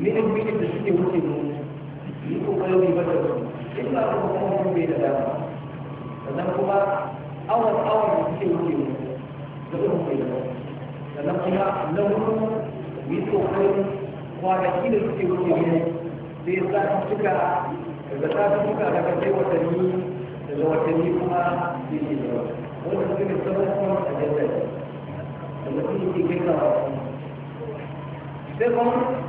me ɗan biyu da suke wuce mu yi kokarin yi ba da su in ba ku mun bai da dama sannan kuma awon awon da suke wuce mu da su bai da sannan kuma na wurin mu yi kokarin kwanaki da suke wuce mu sai sa suka daga sa suka daga sai watanni daga watanni kuma sai ke da wanda suke sabon a jaddaji da mutum yake kai da wasu sai kuma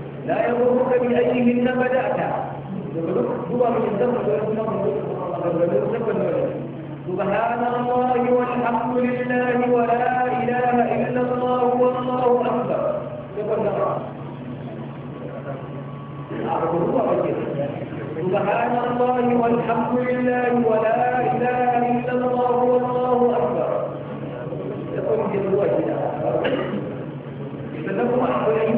لا يضرك بأيهن بدأت سبحان الله والحمد لله ولا إله إلا الله والله أكبر سبحان الله والحمد لله ولا إله إلا الله والله أكبر يقول جل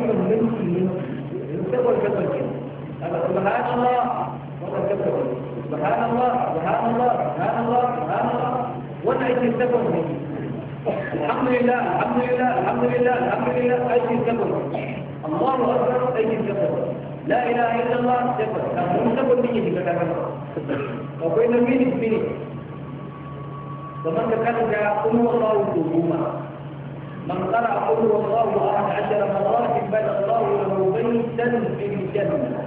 كبر كبر كبر سبحان الله والله كبر سبحان الله سبحان الله سبحان الله سبحان الله وانا ايدي الكبر الحمد لله الحمد لله الحمد لله الحمد لله ايدي الكبر الله اكبر ايدي الكبر لا اله الا الله كبر كبر كبر بيجي كبر وبين مين مين ومن كان يقوم الله قوما من قرأ قل الله أحد عشر مرات بدأ الله له بيتا في الجنة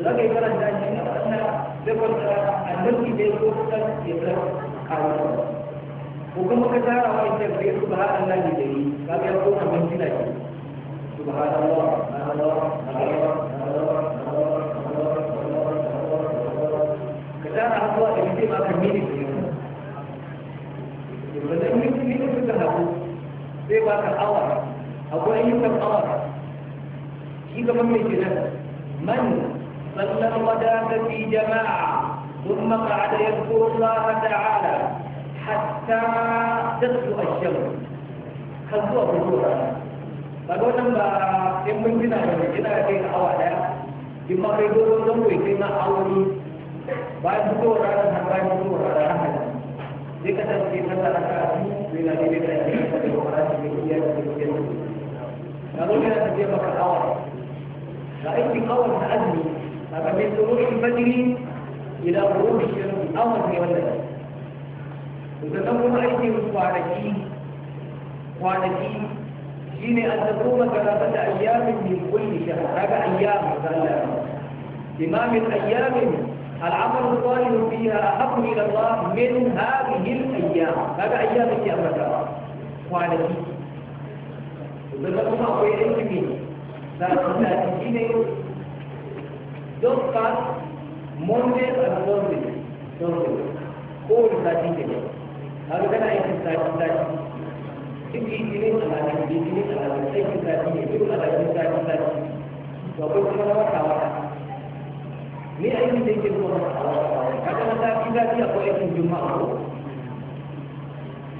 لكن كانت الجنة أن ذكر الملك بيتوتا يبلغ على وكما كتار ما يتبعي سبحان الله جدي كما يقول من جنة سبحان الله سبحان الله سبحان الله سبحان الله سبحان الله سبحان الله سبحان الله كتار الله يجب أن يكون zai ba ka awa akwai ayyukan awa shi gaban mai kenan man sallan wadata fi jama'a ثم قعد يذكر الله تعالى حتى تطلع الشمس خذوا بجورا فقال لما يمكن جنا جنا كيف أولا إما كيدور نموي كما أولي بعد بجورا بعد بجورا لكذا كيف تلقى من البدع والمنافقين أقول أنا في يومك الأول رأيت قول هأدني أما من طلوع الفجر إلى غروب الشمس أمر في ولد وتدور رأيت مصباحتي وعنتي حين أن تقوم ثلاثة أيام من كل شهر هذا أيام قال إمام الأيام العمل الصالح فيها أحب إلى الله من هذه الأيام هذا أيام التي أمرتها وعلى ذلك kuma akwai ɗan kimi da shi ne don fast monday and sunday sunday ko wani sati ke ne har kana aikin sati sati duk yi ne alaƙi ne ne alaƙi aikin sati ne duk alaƙi sati sati to akwai kuma na wata wata me aikin da yake zuwa kaga mataki za ta ko aikin juma'a ko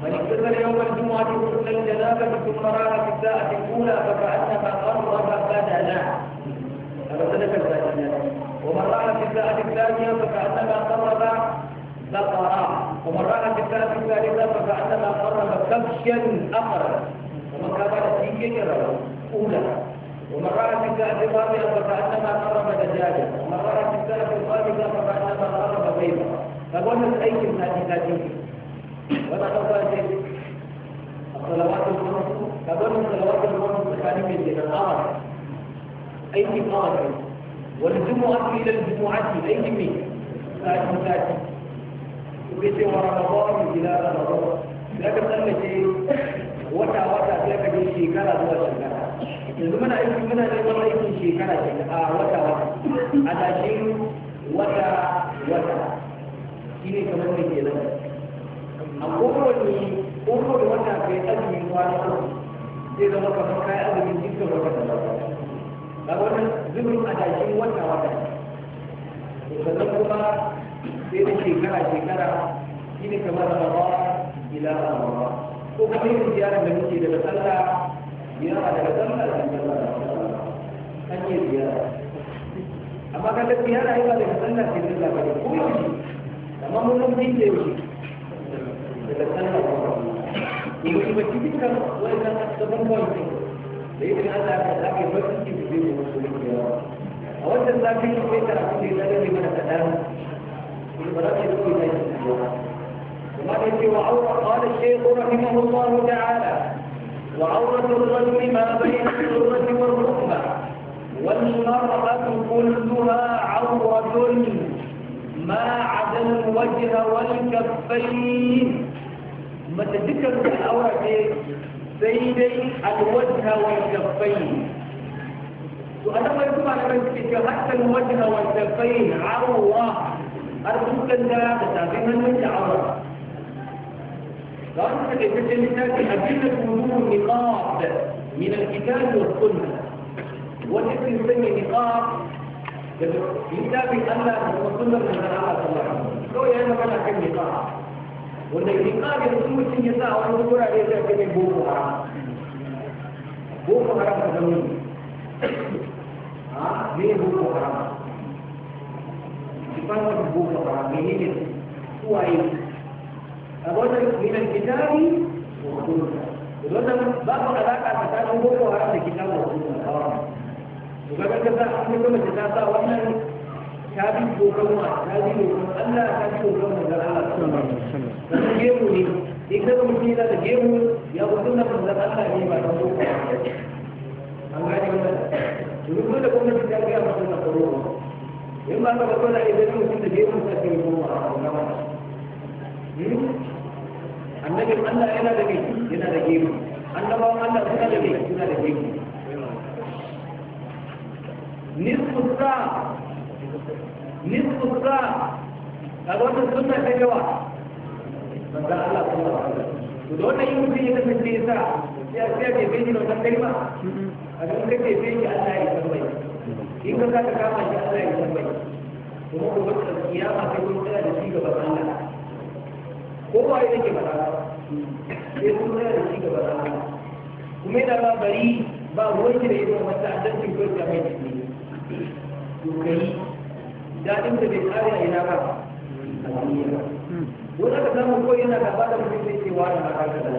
من اكتسل يوم الجمعة غسل الجنابة ثم راح في الساعة الأولى فكأنما قرب بدنا فبدلك الثانية ومن راح في الساعة الثانية فكأنما قرب بقرة ومن راح في الساعة الثالثة فكأنما قرب كبشا أخرى ومن كبر في كجرة أولى ومرارة الساعة الرابعة فكأنما قرب دجاجة ومرارة الساعة الخامسة فكأنما قرب بيضة فقلت أي من هذه ولا أقول الصلوات الخمس فقلت الصلوات الخمس تخالف من الأرض أي من أرض والجمعة إلى الجمعة أي من ساعة ساعة وبيت ورمضان إلى رمضان لكن أنا شيء وتا وتا تلاقي شيء كذا هو شيء yanzu muna aiki muna neman aikin shekara ke a wata wata a tashin wata wata shi ne kamar da ke nan a kowane kowane wata kai azumin kwana zai zama kamar kayan azumin dukkan wata da wata ga wannan zubin a tashin wata wata sannan kuma sai da shekara shekara shi ne kamar ramadan ila ramadan ko kuma yin ziyarar da muke daga sallah yana daga zama da hanyar ziyara amma kan da ziyara yana daga sallar da ziyara ba ne ko yaushe amma mun nan bin da yaushe da cikin kan wannan saban kawai da yake Allah ya kada ke bar cikin da zai musu ziyara a wannan zafin da mana kadan ba za ka yi koyi da shi ba kuma da cewa ta'ala وعورة الرجل ما بين السرة والركبة والمرأة كلها عورة ما عدا الوجه والكفين ما تذكر الأوراق إيه؟ سيدي الوجه والكفين وأنا ما يكون على نفسك حتى الوجه والكفين عورة أرجوك أن لا من وجه عورة قالوا لك في الكتاب أدلة وجوه النقاط من الكتاب والسنة والاسم يسمي نقاط كتاب الله والسنة من الله صلى الله عليه وسلم لو يعني ما لك النقاط وأن iqami da sun mutum ya sa wani wurare zai kai boko haram boko haram ka zama ne a ne boko haram ki fara boko haram ne الرجل من الكتاب والسنة الرجل باب علاقة تكانه هو وعلى الكتاب والسنة وكما كذا أحمد كما تتاسى وأنا tabi dokar ma tabi dokar Allah tabi dokar ma dan Allah sallallahu alaihi wasallam dan gemu ne idan mutum yana da gemu ya mutum na manzon Allah ne ba da boko an gane wannan to duk da gwamnati ta ga mutum na tsaro in ba ka ba dole idan mutum da gemu sai ya koma a wannan annabin Allah yana da mai yana da gemu annabawan Allah suna da mai suna da gemu nisfu sa sa a wata suna ta yawa manzo Allah suna alaihi wasallam to wannan yin mutum ya kasance sa sai sai bai bai ni kalma a duk kace bai ni Allah ya tambaye in ka ka kama shi Allah ya tambaye kuma gobe kiyama sai kun tsaya da shi gaban Allah ko ba ita ba bala sai kun da shi ga ba. kuma yana ba bari ba ruwan da ido wata adalcin ko ta mai to kai da bai tsari a ba wani aka samu ko yana gaba da mutum na kaka da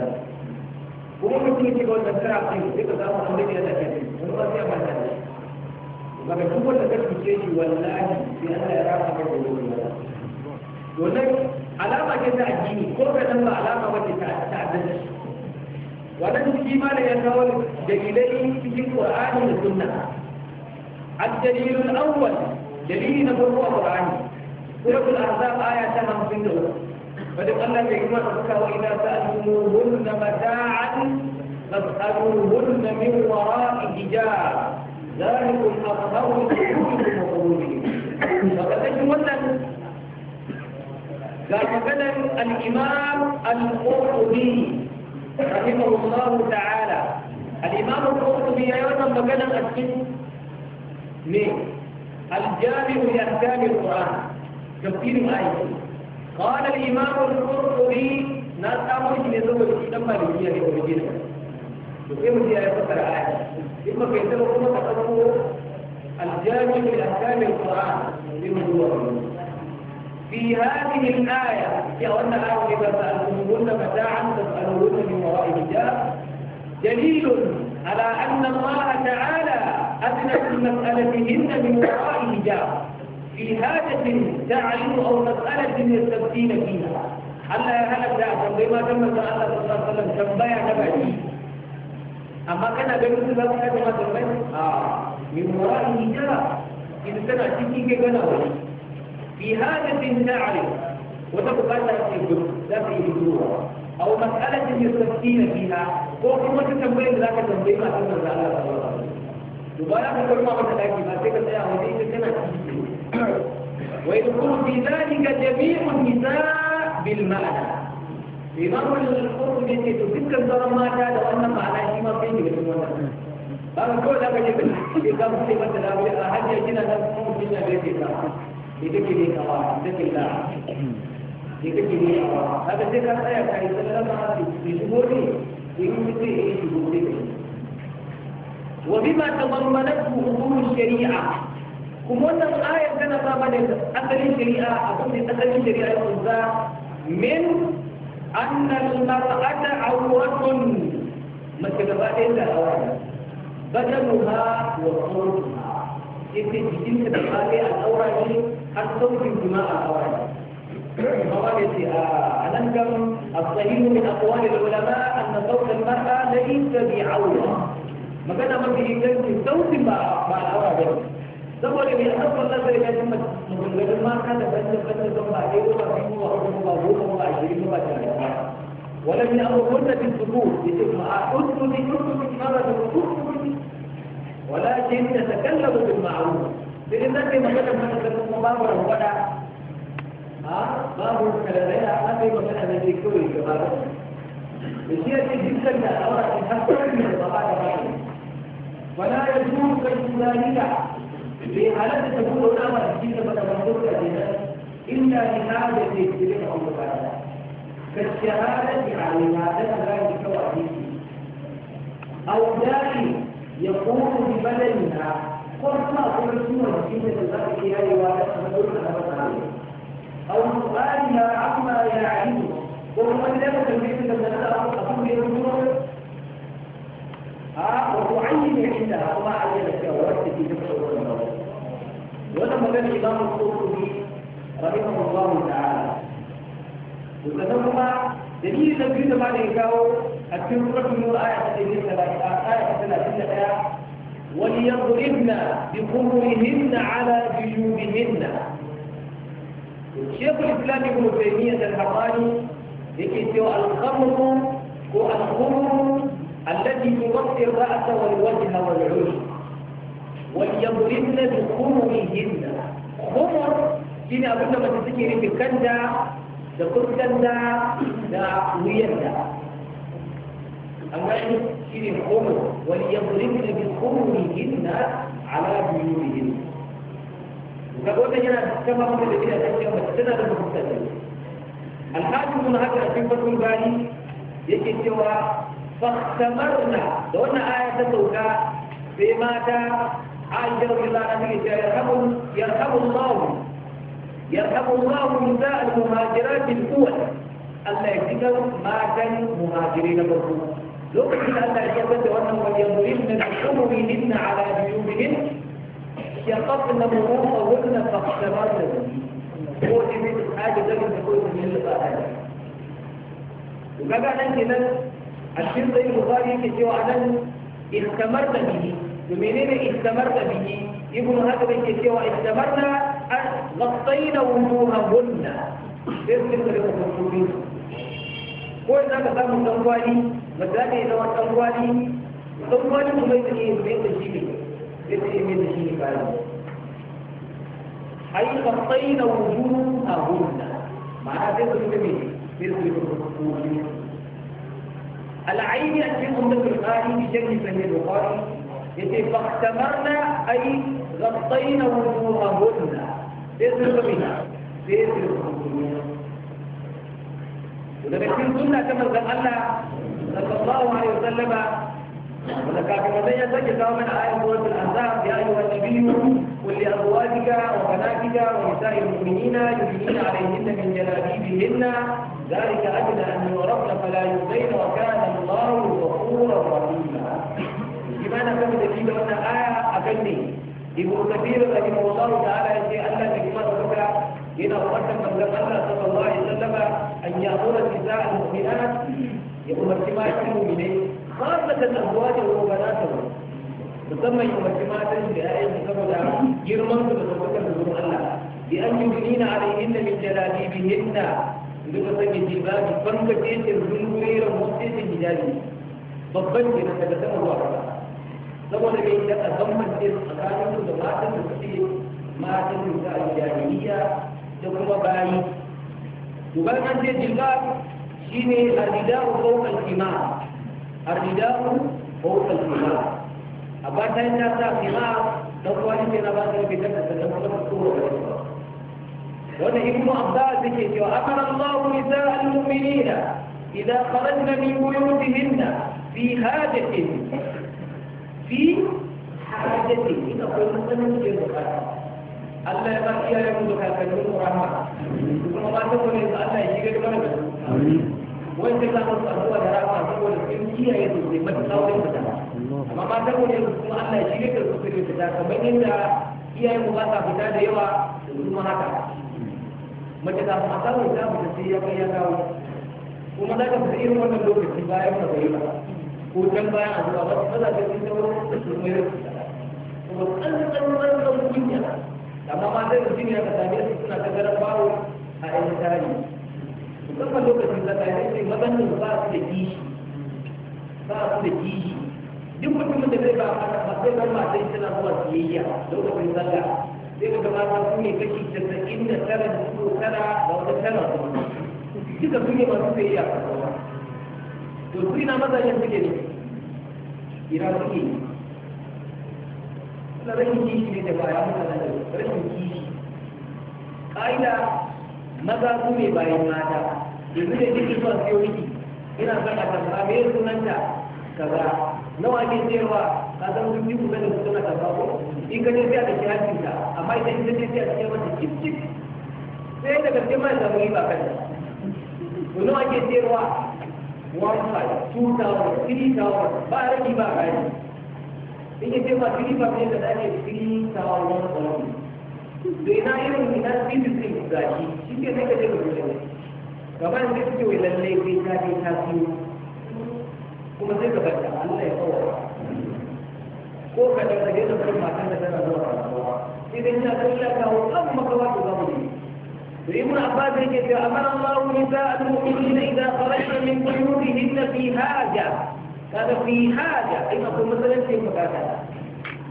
kuma mutum ya ce ga wannan kara kai ka samu da ke wani ba a manta da shi ba ka duk wanda ka shi wallahi sai ya rasa da wani alama ke ta addini ko ka dan ba alama wacce ta ta addini wannan shi ma da ya kawo dalilai cikin qur'ani da sunna الدليل الأول دليل نبوة القرآن سورة الأحزاب آية 53 فلو أن بحكمتك وإذا سألتموهن متاعا فاسألوهن من وراء حجاب ذلكم أطهر لقلوبكم وقد أجمل ga maganar al-imam al-qurtubi rahimahullahu ta'ala al-imam al-qurtubi ya wannan maganar a cikin ne al-jami'u li ahkam al-quran tafsir ayat قال الإمام القرطبي ناس أمر إن يزوج الإسلام مالية لأوريجينا وكيف دي آية فترة آية إما كيسر وكما تقدموا الجامع لأحكام القرآن لمن هو في هذه الآية يا أن الأول بس أنهم متاعا تسألون من وراء الجاب دليل على أن الله تعالى أدنى في مسألتهن من وراء الجاب في هذا تعلم أو مسألة يستبدين فيها ألا يهلك ذاك بما تم سؤال الله صلى الله عليه وسلم تنبيع نبعي أما كان بيوت الله كما تنبيع آه من وراء الجاب إذا كان أشيكي كيف نبعي في هذا نعرف وتبقى في ذاتي هدوء أو مسألة يستفتين فيها وكما تتنبيه ذاك تنبيه ما تنبيه ذاك الله مبارك كلمة متلاكي ما تكتب يا هدي كنا ويدخل في ذلك جميع النساء بالمعنى في إمام التي يقول تلك ما هذا أن معنى ما فيه بالمعنى فأنا كل هذا يقول في مسلمت الأولى أحد يجينا نفسه من البيت بذكر الله بذكر الله بذكر الله هذا ذكر آية كان يسلم في جمهوره ويمتي إيه جمهوره وبما تضمنته أمور الشريعة kuma wannan ayar tana ba mana asalin shari'a abin da asalin shari'a ya kunsa min annal mar'ata awratun mace gaba ɗaya da awara badanuha wa qurtuha yake jikin ta da ba ɗaya al'aura ne an saukin jima'a a kawai قوالتي أنكر الصحيح من أقوال العلماء أن صوت المرأة ليس بعورة ما كان ما في كان صوت مع مع العورة سبب اللي أصلا لا زي كان ما من ما كان بس بس ثم بعدين هو في هو هو هو هو عشرين هو عشرين ولكن أمرهن بالسكوت يسمع مرة أذني ولكن تتكلم بالمعروف idan zan kai magana mana da kuma babu rangwada a babu kalalai da an kai magana da ke kawai gaba da da shi yake dukkan da al'aura ta hasken da ba ba da ba wala ya zuwa kai tunaniya bai halatta ta buɗe wani amma da cikin da ba da ba ko da ke inda ni na da ke cikin da kuma ba da كالشهادة على العادة ذلك وحيده أو داعي يقوم ببدنها وما كل شيء في الذات إلى وتحمل أو سؤال ما عما يعلمه وهو لا تنبيه لما نرى أقول له ها وتعين عندها وما عين فيها ورد في نفسه ولما كان الإمام القرطبي رحمه الله تعالى وكتبهما دليل تنبيه ما يكاو التنبيه من آية 31 آية 31 وليضربن بخمرهن على جيوبهن الشيخ الإسلام ابن تيمية الحقاني يكتب الخمر والخمر التي تغطي الرأس والوجه والعين وليضربن بخمرهن خمر shine abin da mace في الكندا تقول كندا لا da اما an gani shine ala buyurihim kaga wannan yana kama maka da kira take mace tana da hukunta ne alhaji haka a cikin fatul bani yake cewa fahtamarna da wannan aya ta sauka sai mata Aisha radiyallahu anha take cewa yarhamu yarhamu Allah yarhamu Allah nisa al-muhajirat al-awwal Allah ya kika matan muhajirin na farko لقد أن الحكومة أنهم قد يضربن الحكومة منا على ديونهم يقف أن مرور طولنا فاقتراضا قوتي من حاجة ذلك تقول من اللقاء هذا وقبع أنك نت الشيء زي المغاري كتوى عدن استمرت به ومنين استمرت به يقول هذا كتوى استمرنا أن غطينا وجوههن بس كتوى إيه المغاري قوتي من اللقاء هذا misali ya zama ɗan gwani ɗan gwani kuma ya take mai da shi ne ya take mai da shi ne bayan ai kafai na wuju a hunna ma'ana sai su zai mai sai su rika kokoki al'aini a cikin ummatul qari bi jami'i sahih bukhari yace fahtamarna ai غطينا وجوههن تزرق بها تزرق وده بيكون سنة كما قال الله صلى الله عليه وسلم ولكن لدي تجد من آية سورة الأحزاب يا أيها النبي قل لأزواجك وبناتك ونساء المؤمنين يدنين عليهن من جلابيبهن ذلك أجل أن يعرفن فلا يؤذين وكان الله غفورا رحيما. لماذا كم تجد أن آية أكلني ابن كثير لكن الله تعالى يجي ألا تجمع ذكر إلى أردت من الله صلى الله عليه وسلم أن يأمر النساء المؤمنات ya umarci ba matan mu'minai khasatan azwajahu wa banatahu musamman ya umarci matan da ya'yan saboda girman su da tabbatar da zuwan Allah bi an yudnina alayhinna min jalabibihinna duka sanya jibabi banka ce zulmuran mutsisin hijabi babban ke daga sama zuwa kasa saboda bai da azamman ce tsakanin su da matan da suke matan da suka jahiliya da kuma bayi to bayan an ce jilbab shine al-rida'u fawqa al-khimar ar-rida'u fawqa al-khimar amma ta yin ta khimar dan wani ne na ba ta bi ta ta da kuma tsoro wanda ibn abbas yake cewa akara Allahu nisaa al-mu'minina idza kharajna min buyutihinna fi hajatin fi hajatin ina ko mutum ke bukata Allah ya ba iyayen mu da kakannin mu rahama kuma ba ta kone Allah ya shigar mana da su wai sai samun su da rawa saboda sun kiyaye su sai mata saurin fita amma ba ta gode su kuma Allah shi ne ka su sai fita kamar yadda iyayen mu ba sa fita da yawa su kuma haka mace ta fata mu ta sai ya kai ya kawo kuma za ka fita irin wannan lokaci bayan ka ba ko can bayan azuwa ba ba za ka ci ta wurin su mai rubuta kuma kan kan kan kan kunya amma ma sai mutum ya ka same su suna ta musamman lokacin zaka, kayan sai mabannin ba su da kishi ba su da kishi duk mutumin da zai ba a zai ba ma sai tana zuwa siyayya lokacin zaka. sai ka gabata su ne kashi casa'in da tara da su tara da wata tara kuma duka su ne masu siyayya a kasuwa to su ina mazajen suke ne ina suke ne rashin kishi ne da baya mutane rashin kishi ƙa'ida maza su ne bayan mata yanzu da duk zuwa su yi ina son a kasuwa me ya sunanta kaza nawa ke sayarwa ka san duk jiku da su suna kasuwa ko in ka je siya da ke hancin ta amma idan ita ce siya cikin mata cip cip sai da gaske ma samu yi ba ta to nawa ke sayarwa one five two thousand three thousand ba rabi ba kai in ka ce ma three five ne ka dace three thousand ɗari to ina irin hadisi sai zaki shi ke sai ka je ka dole ne gaba da sai ce wai lallai sai ta je ta biyu kuma sai ka bar ta Allah ya kawo ko ka da kaje da barin matan da tana zuwa kasuwa idan ya kai ya kawo kan makawa to za mu yi ابن عباس يقول أمر الله نساء المؤمنين إذا خرجن من بيوتهن في حاجة هذا في حاجة أي نقول مثلا في مكانها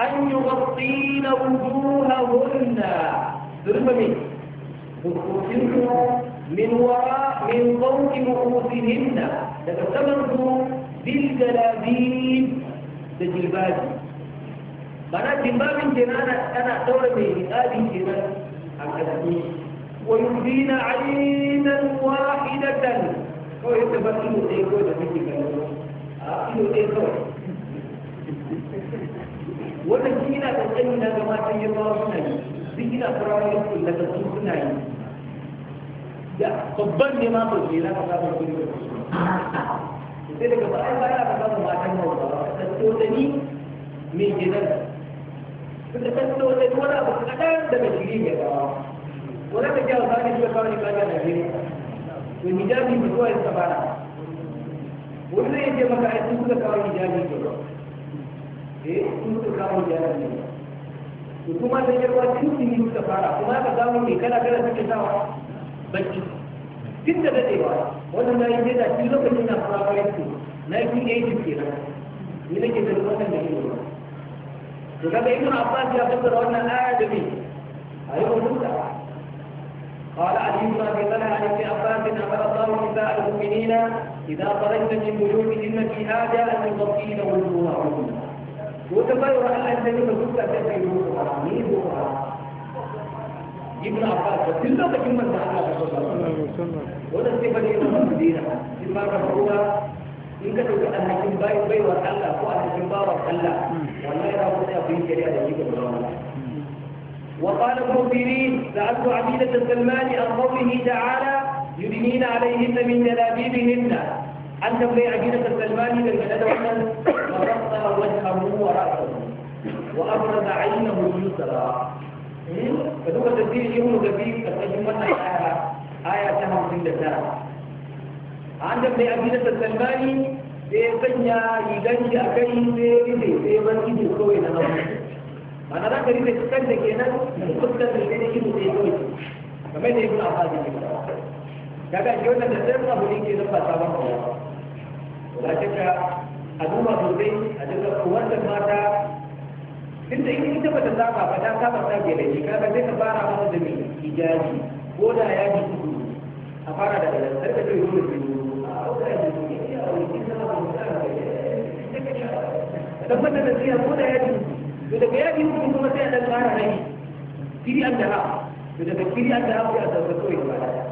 أن يغطين وجوههن ثم منه بخصوصهن من وراء من فوق رؤوسهن لتتمرد بالجلابيب تجلبات بنا جلباب جنانا انا دورة هذه جنان هكذا ويبدين عينا واحدة هو يتبكي وتيكو لبيتك أكيد وتيكو wannan shi yana da tsayi sun gina firamare su daga sun suna yi da babban ne ma bai yana ka samun kudi da su sai daga bayan bayan ka samun matan hausawa ka tattau da mai gidan suka tattau da ni wani abu kaɗan daga shiri ya gawa wani da kyau sa ne shi ya kawo ni kaga Najeriya to hijabi mai zuwa ya sabara wani zai je maka ai sun kawo hijabi ne eh sun kawo hijabi ne to kuma da yarwa tuntuni suka fara kuma ka samu ne kana kana suke sawa bacci tun da dadewa wannan na yi jeda tun lokacin na firamare su na yi tun yayi tuke na ni nake da wannan da yi to kaga ibn abbas ya fassara wannan aya da me ayi wannan da قال علي بن ابي طلحه عن ابن عباس امر الله نساء المؤمنين اذا خرجن من بيوتهن في حاجه ان يغطين وجوههن وتباير على النبي فكنت تأتي وحرامين وحرام ابن عباس كل هذا كلمة تعالى صلى الله عليه وسلم وده استفاد من المدينة إما رفعوها إن كتبت أن كنباي بي ان وأن كنبا وحلا والله يرى في شريعة يجيب الله وقال ابن سيرين سألت عبيدة السلمان عن قوله تعالى يدنين عليهن من جلابيبهن أنت بني عبيدة السلمان للمدد وحلا فرفع وجهه ورأسه وأبرز عينه اليسرى إيه؟ فدوك تفسير ابن كثير تقدمنا الآية آية, آية تهم عند الله عند ابن أبي نسى السلماني سيسنيا إيه يغني أكي سيبدي سيبدي سيكوي نظر أنا ذاك اللي تتكلم كنا قلت من بين ابن سيكوي كما يقول أحد كذا جونا تسمى بنيك نفسها ولا شك a sosai a duka wannan mata tun da ita ba ta saba ba ta saba ta ke da shi kaga sai ka fara masa da mai hijabi ko da ya ji su a fara da nan sai ka yi dole sai tabbatar da tsaya ko da ya ji to daga ya ji su kuma sai a ɗan fara rai kiri an da ha to daga kiri an da ha sai a sauka kawai ba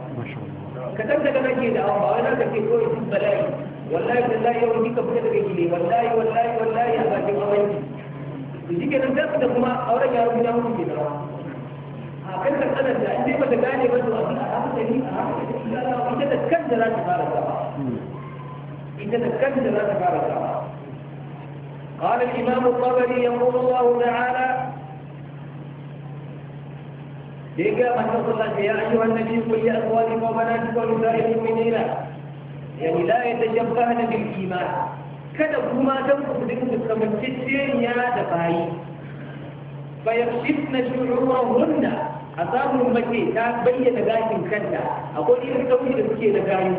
kadan daga ke da awa ba wai ka ce kawai duk bala'i wallahi wallahi yau ni ka fita daga gile wallahi wallahi wallahi a bakin awanki to shi kenan da kuma auren ya rubuta muku ke dawa a kan ka da, in dai bata gane ba to abin a ni, a hankali ita da kan da za ta fara zama ita da kan da za ta fara zama قال الإمام الطبري يقول الله تعالى ديجا ما تصلت يا أيها النبي قل لأزواجك وبناتك ونساء المؤمنين يعني لا يتشبهن بالإيمان kada kuma don Kena buma dan kemudian bayi fayashifna shu'urahunna a samun mace ta bayyana gashin kanta akwai irin kauye da suke da gayu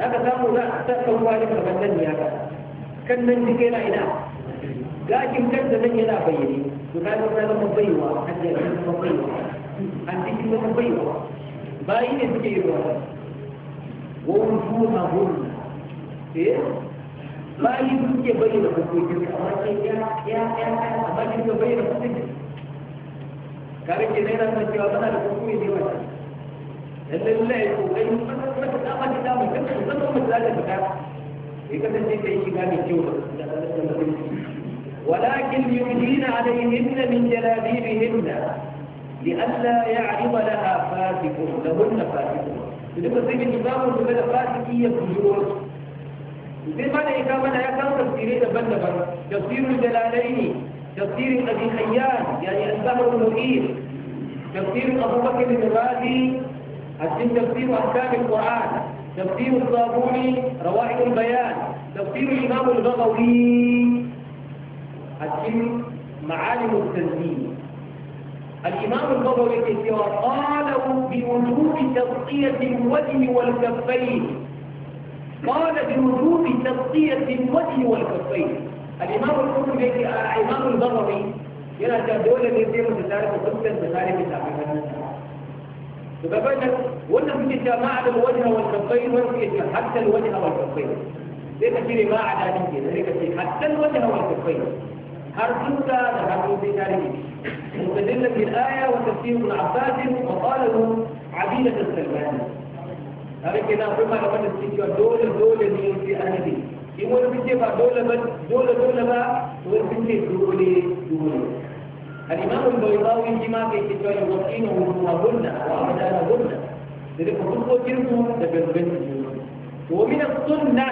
za ka samu za a sa kauwa da kamar nan ya ka kan yana ina gashin kanta nan yana bayyane to ka ga zama baiwa hajjar kuma a cikin wata baiwa bayi ne suke yi ruwa wani tuha hulun eh bayi suke bayyana hukuncin amma sai ya ya ya amma kin ga bayyana hukuncin kare ke nena ta cewa bana da hukumi ne wata lalle lalle ko kai mun ta ta ta mun ta mun ta mun ta ta sai kasance ta yi shiga mai kyau da walakin yudina alaihinna min jalabibihinna لئلا يعرض لها فاسق لهن فاسق لذلك زي الإمام فاسق هي بجور زي ما لإيكا منا يكاو تفسيري دبن تفسير الجلالين تفسير أبي حيان يعني الزهر المؤيد تفسير أبو بكر الرازي الجن تفسير أحكام القرآن تفسير الصابوني روائح البيان تفسير الإمام البغوي الجن معالم التنزيل الإمام الضبري كثيرا قالوا بوجود تغطية الوجه والكفين قال بوجوب تغطية الوجه والكفين الإمام الضبري آه، الإمام الضبري يرى تدولة الإنسان المتعارف وقلت المتعارف التعبير فبدأ وانا في جماعة الوجه والكفين وفي حتى الوجه والكفين ليس في جماعة ذلك ذلك حتى الوجه والكفين أرجوك ذهبوا في تاريخ مستدلة الآية وتفسير ابن عباس وقال له عبيدة السلمان هذا كده كما لو كان السيتي دولة دولة دولة في أهلي يقول بنتي بقى دولة دولة دولة بقى يقول بنتي دولة دولة الإمام البيضاوي جماعة في كتابه يوقين وهو هن وعمدان هن لذلك كل قوة جنبه تبقى بنت ومن السنة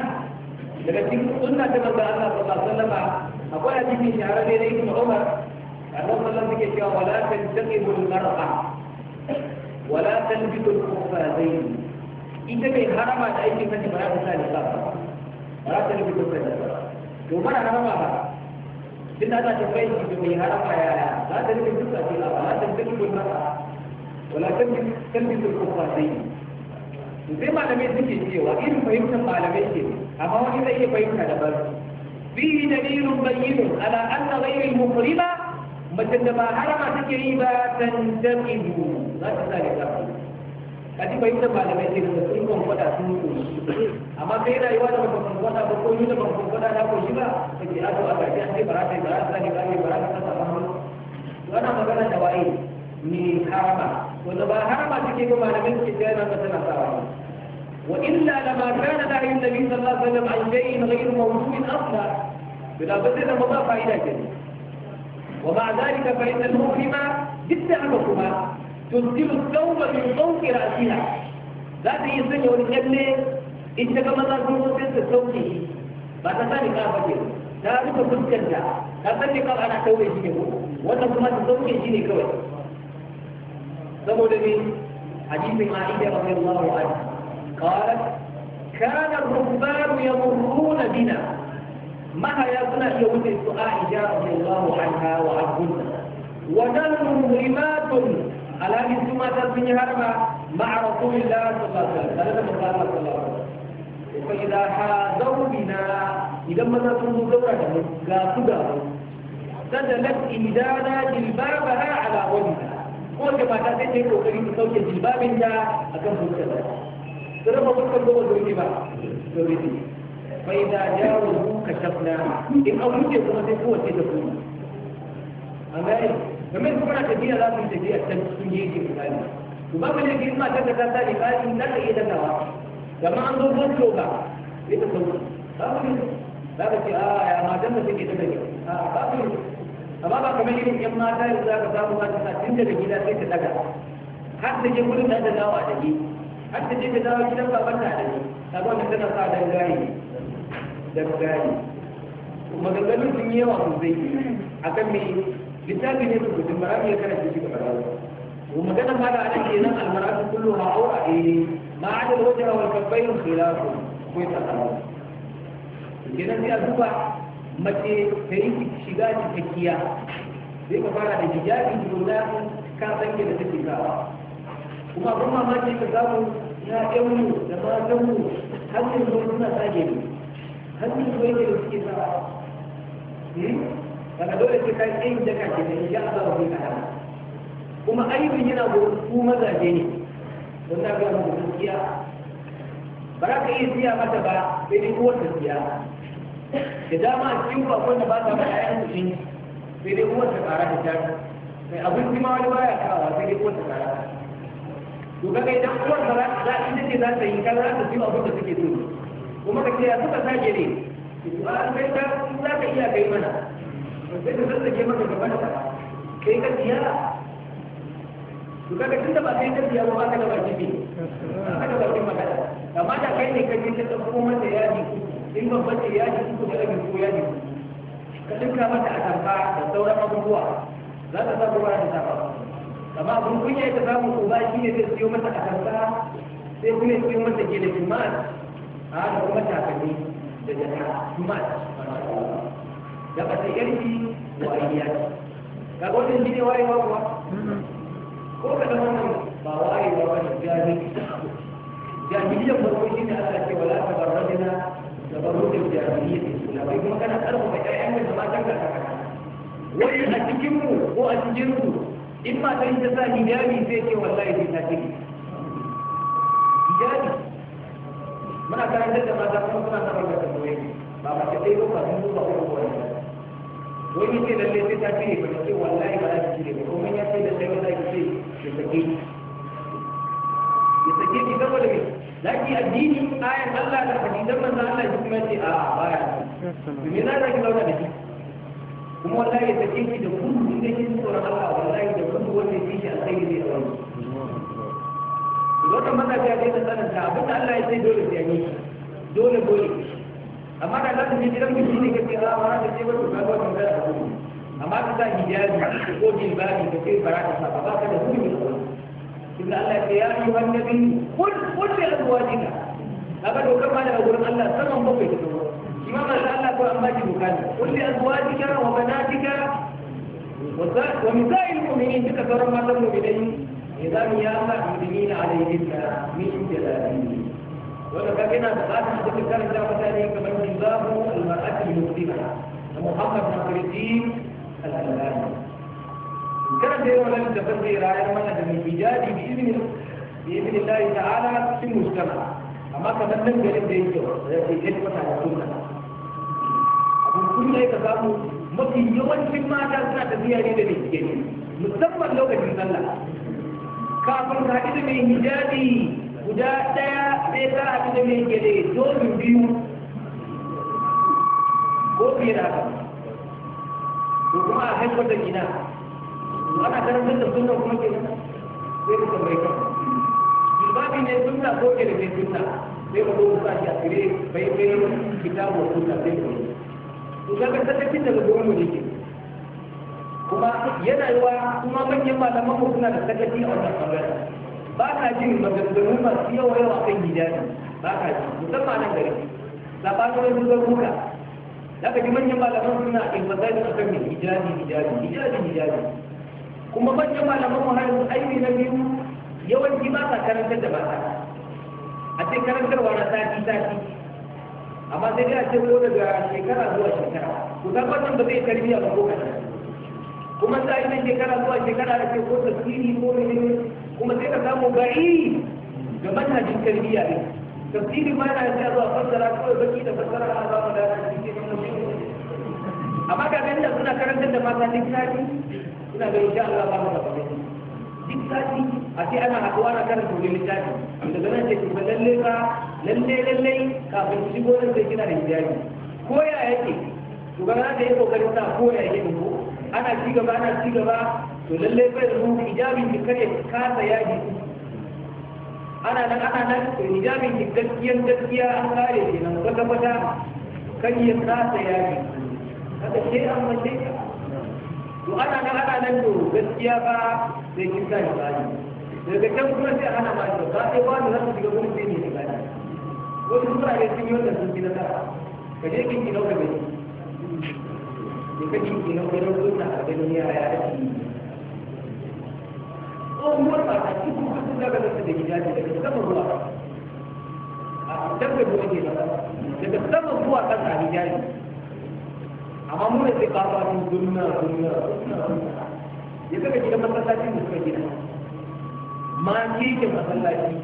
لذلك السنة تبقى الله صلى الله عليه akwai hadisi shahararre da ibn umar annabi sallallahu alaihi ke cewa wala tantaqibu al-mar'a wala tanbitu al-khuffazain ita mai harama da aikin hajji ba za ta sa lissafa ba za ta rubuta kanta ba to mana harama ba duk da ta kai shi mai harama ya ya za ta rubuta kanta ba za ta rubuta kanta wala tanbitu al-khuffazain sai malamai suke cewa irin fahimtar malamai ke amma wani zai iya fahimta da barci فيه دليل بين على أن غير المحرمة مثل ما حرم تكريبا تنتقد لا تسالي kaji bai da malamai ke da sun kon fada sun koshi amma sai rayuwa da ba kon ba ko yi da ba kon na koshi ba sai a to a ga sai barata barata ne bai barata ta samu wannan magana da wai ni harama wanda ba harama take ba malamai ke da na tana sawa وإلا لما كان داعي النبي صلى الله عليه وسلم عن شيء غير موجود أصلا بلا بد أن مضاف إلى شيء ومع ذلك فإن المؤلمة بالتعبكما تنزل الثوب من فوق رأسها لا تيسن ونخلي إنت كما تقول سنت الثوبه بعد ذلك أفكر لا أريد أن تنزل لا تنزل قال أنا كوي جنيه وأنا كما تنزل جنيه كوي ثم ولمين حديث ما إذا رضي الله عنه قالت كان الرهبان يمرون بنا يا يبنى يوم جاء رضي الله عنها وعنهن ونحن مغرمات على مثل ما تسمي مع رسول الله صلى الله عليه وسلم قال صلى الله عليه وسلم فإذا حاذوا بنا إذا ما تنظروا لا قاسدة سدلت إيدانا جلبابها على وجهها وكما تأتي تقول قريب صوت جلبابنا أكم كذلك سرما مكتب هو زوجي بقى زوجي فإذا جاوزوا كشفنا إن أوجد كما تكون تدخل أمين kamar kuma ta biya za su yi tafiya ta sun yi ke misali to ba mu ne ke ma ta ta Ba misali na ka iya dannawa an zo ba sai ta ba mu ne za ka ce a ah, ya matan da take ta daga a ba ne amma ba kamar irin yan mata yanzu za ka samu mata tun daga gida sai ta daga har da je gurin da dannawa da ke har ta je dawo gidan baban ta da ni Sabon zo tana sa dan gari dan gari maganganun sun yi yawa sosai a kan mai littafi ne rubutun marami ya karanta shi gaba da ومجانا a عليك إنما المرأة كلها عورة إيه ما عدا الوجه والكفين خلافه كويس أخلاف kenan sai a duba mace ta yi shiga cikakkiya zai ka fara da hijabi domin ka ke da take kawa kuma abin mamaki ka samu ya'yanmu da matanmu hannun zuwa suna tsage ne hannun zuwa yake da suke sawa eh? daga dole sai ka tsayin jaka ke da ya kuma aibin yana ko ku mazaje ne don ta ga mu gaskiya ba za ka iya siya mata ba sai dai kowar gaskiya da dama cikin bakon da ba ta ba ƴaƴan su sai dai ta da jar mai abinci ma wani baya kawa sai dai kowar ta to kaga idan uwar ba za ita ce za ta yi kaza za ta siyo abin da suke so kuma ka ce ya suka sake ne a kai ka za ka iya kai mana sai ka zazzage maka gaba da kai ka siya to kaga tunda ba kai ka siya ba ba ka da baki ne ba da baki magana amma da kai ne ka je ka ɗauko mata yaji in babban ce yaji uku da rabin ko yaji ka dinka mata a tamfa da sauran abubuwa za ta sa kuma ta tafa amma abin kunya ita samun uba shi ne zai siyo masa atamfa sai kuma siyo masa gele jumat a haka kuma takalmi da jaka jumat da ba ta yarki Da ayya ga wannan shi ne wayewa kuwa ko ka da wannan ba wayewa ba ne jahili jahiliyar farko shi ne Allah ce wala tabarrajna tabarrujul jahiliyyah bai kuma kana karfafa ƴaƴan da matan ka wai a cikinmu ko a cikinmu? in ma ta ta sa hijabi sai ce wallahi sai ta ciki hijabi muna karantar da mata kuma suna samar da tambayoyi ba ba ta ɗaya ba sun zuba ko ko wani wani ce lalle sai ta ce, ba ta ce wallahi ba za ta cire ba kuma ya ce da sai ba ce ya sake ki ya sake ki saboda me laki addini ayan Allah da hadisan manzon Allah ya kuma ce a baya me za ki zauna da shi kuma wallahi ya sake ki da kullu inda kin tsoron Allah wallahi alkhairi ne da wannan wannan mazafi ya daina tsananta abin da Allah ya sai dole sai yi dole dole amma da Allah ne gidan mutum ne kake ra ma da sai wani kaga wannan da abu amma ka sa hijabi ko jilbabi da sai baraka sa ba ka da hukumi da wannan inna Allah ya ya yi wannan nabi kul kul da azwajika kaga dokar ma daga gurin Allah sanan bakwai da kuma imam Allah ko an ba ji bukata kul da azwajika wa banatika ومساء المؤمنين بكثر ما المؤمنين إذا ميام المؤمنين عليهن من جلالين ولكن ما الحديث كان الجامعة ثاني كما انتباه المرأة المسلمة محمد ناصر الدين الألباني كان في ولا تفضي رأي من الحجاج بإذن بإذن الله تعالى في المجتمع أما كمان من جلد يجوا يجوا على السنة أبو كل يتسامو mafi yawancin mata suna tafiya ne da bincike ne musamman lokacin sallah kafin ka haɗu da mai hijabi guda ɗaya sai ka haɗu da mai gele dozin biyu ko fiye da haka ko kuma a haifar da gina ana karantar da sunan kuma ke sai ku tambayi kan jilbabi ne sunna ko da ne sunna sai ku zo ku sa shi a tsire bai bai kitabu wa sunna sai ka to kaga sadakin daga gurin mu yake kuma yana yiwa kuma manyan malaman mu suna da sakaci a wannan bangaren ba ka jin maganganu masu yawa yawa kan hijabi ba ka ji musamman nan gari labarin zubar kuka za ka ji manyan malaman suna emphasize a kan hijabi hijabi hijabi hijabi kuma manyan malaman mu har aiki na biyu yawanci ba sa karantar da ba a ce karantarwa na sati sati amma sai dai a ce ko daga shekara zuwa shekara to tabbacin ba zai tarbiyya ba ko kaɗan kuma sai yi shekara zuwa shekara ake ke ko tafsiri ko ne kuma sai ka samu gari ga manhajin tarbiyya ne tafsiri ma yana da zuwa fassara ko da baki da fassara a zama da cikin amma ga ganin da suna karantar da mata duk sati suna ga insha Allah ba mu da duk sati a ce ana haɗuwa na karanta wani littafi da zanen da ke lalle ba lalle lalle kafin su shigo nan sai kina da hijabi ko ya yake to ga da yi kokarin sa ko ya yake ko ana ci gaba ana ci gaba to lalle bai da mu hijabin ki kare kasa yaji ana nan ana nan to hijabin ki gaskiyan gaskiya an kare ko kwata kwata kan ya kasa yaji kada ke an mace to ana nan ana nan to gaskiya ba sai kin sa hijabi daga can kuma sai ana ma ba sai ba da za su shiga gurin sai ne da gani wasu mutane sun yi wannan sun fi nasara ka je kinki nau ka gani ne ka kinki nau ka nau ta a ganin yara ya ake yi tsohuwar ba a cikin kusa daga nasu da gida ne daga sama zuwa a dabbar zuwa ta nasa daga sama zuwa ta a gida ne amma mu da sai kafa sun zurna zurna ya kaga gidan masallacin da suka gina ma keke masallaci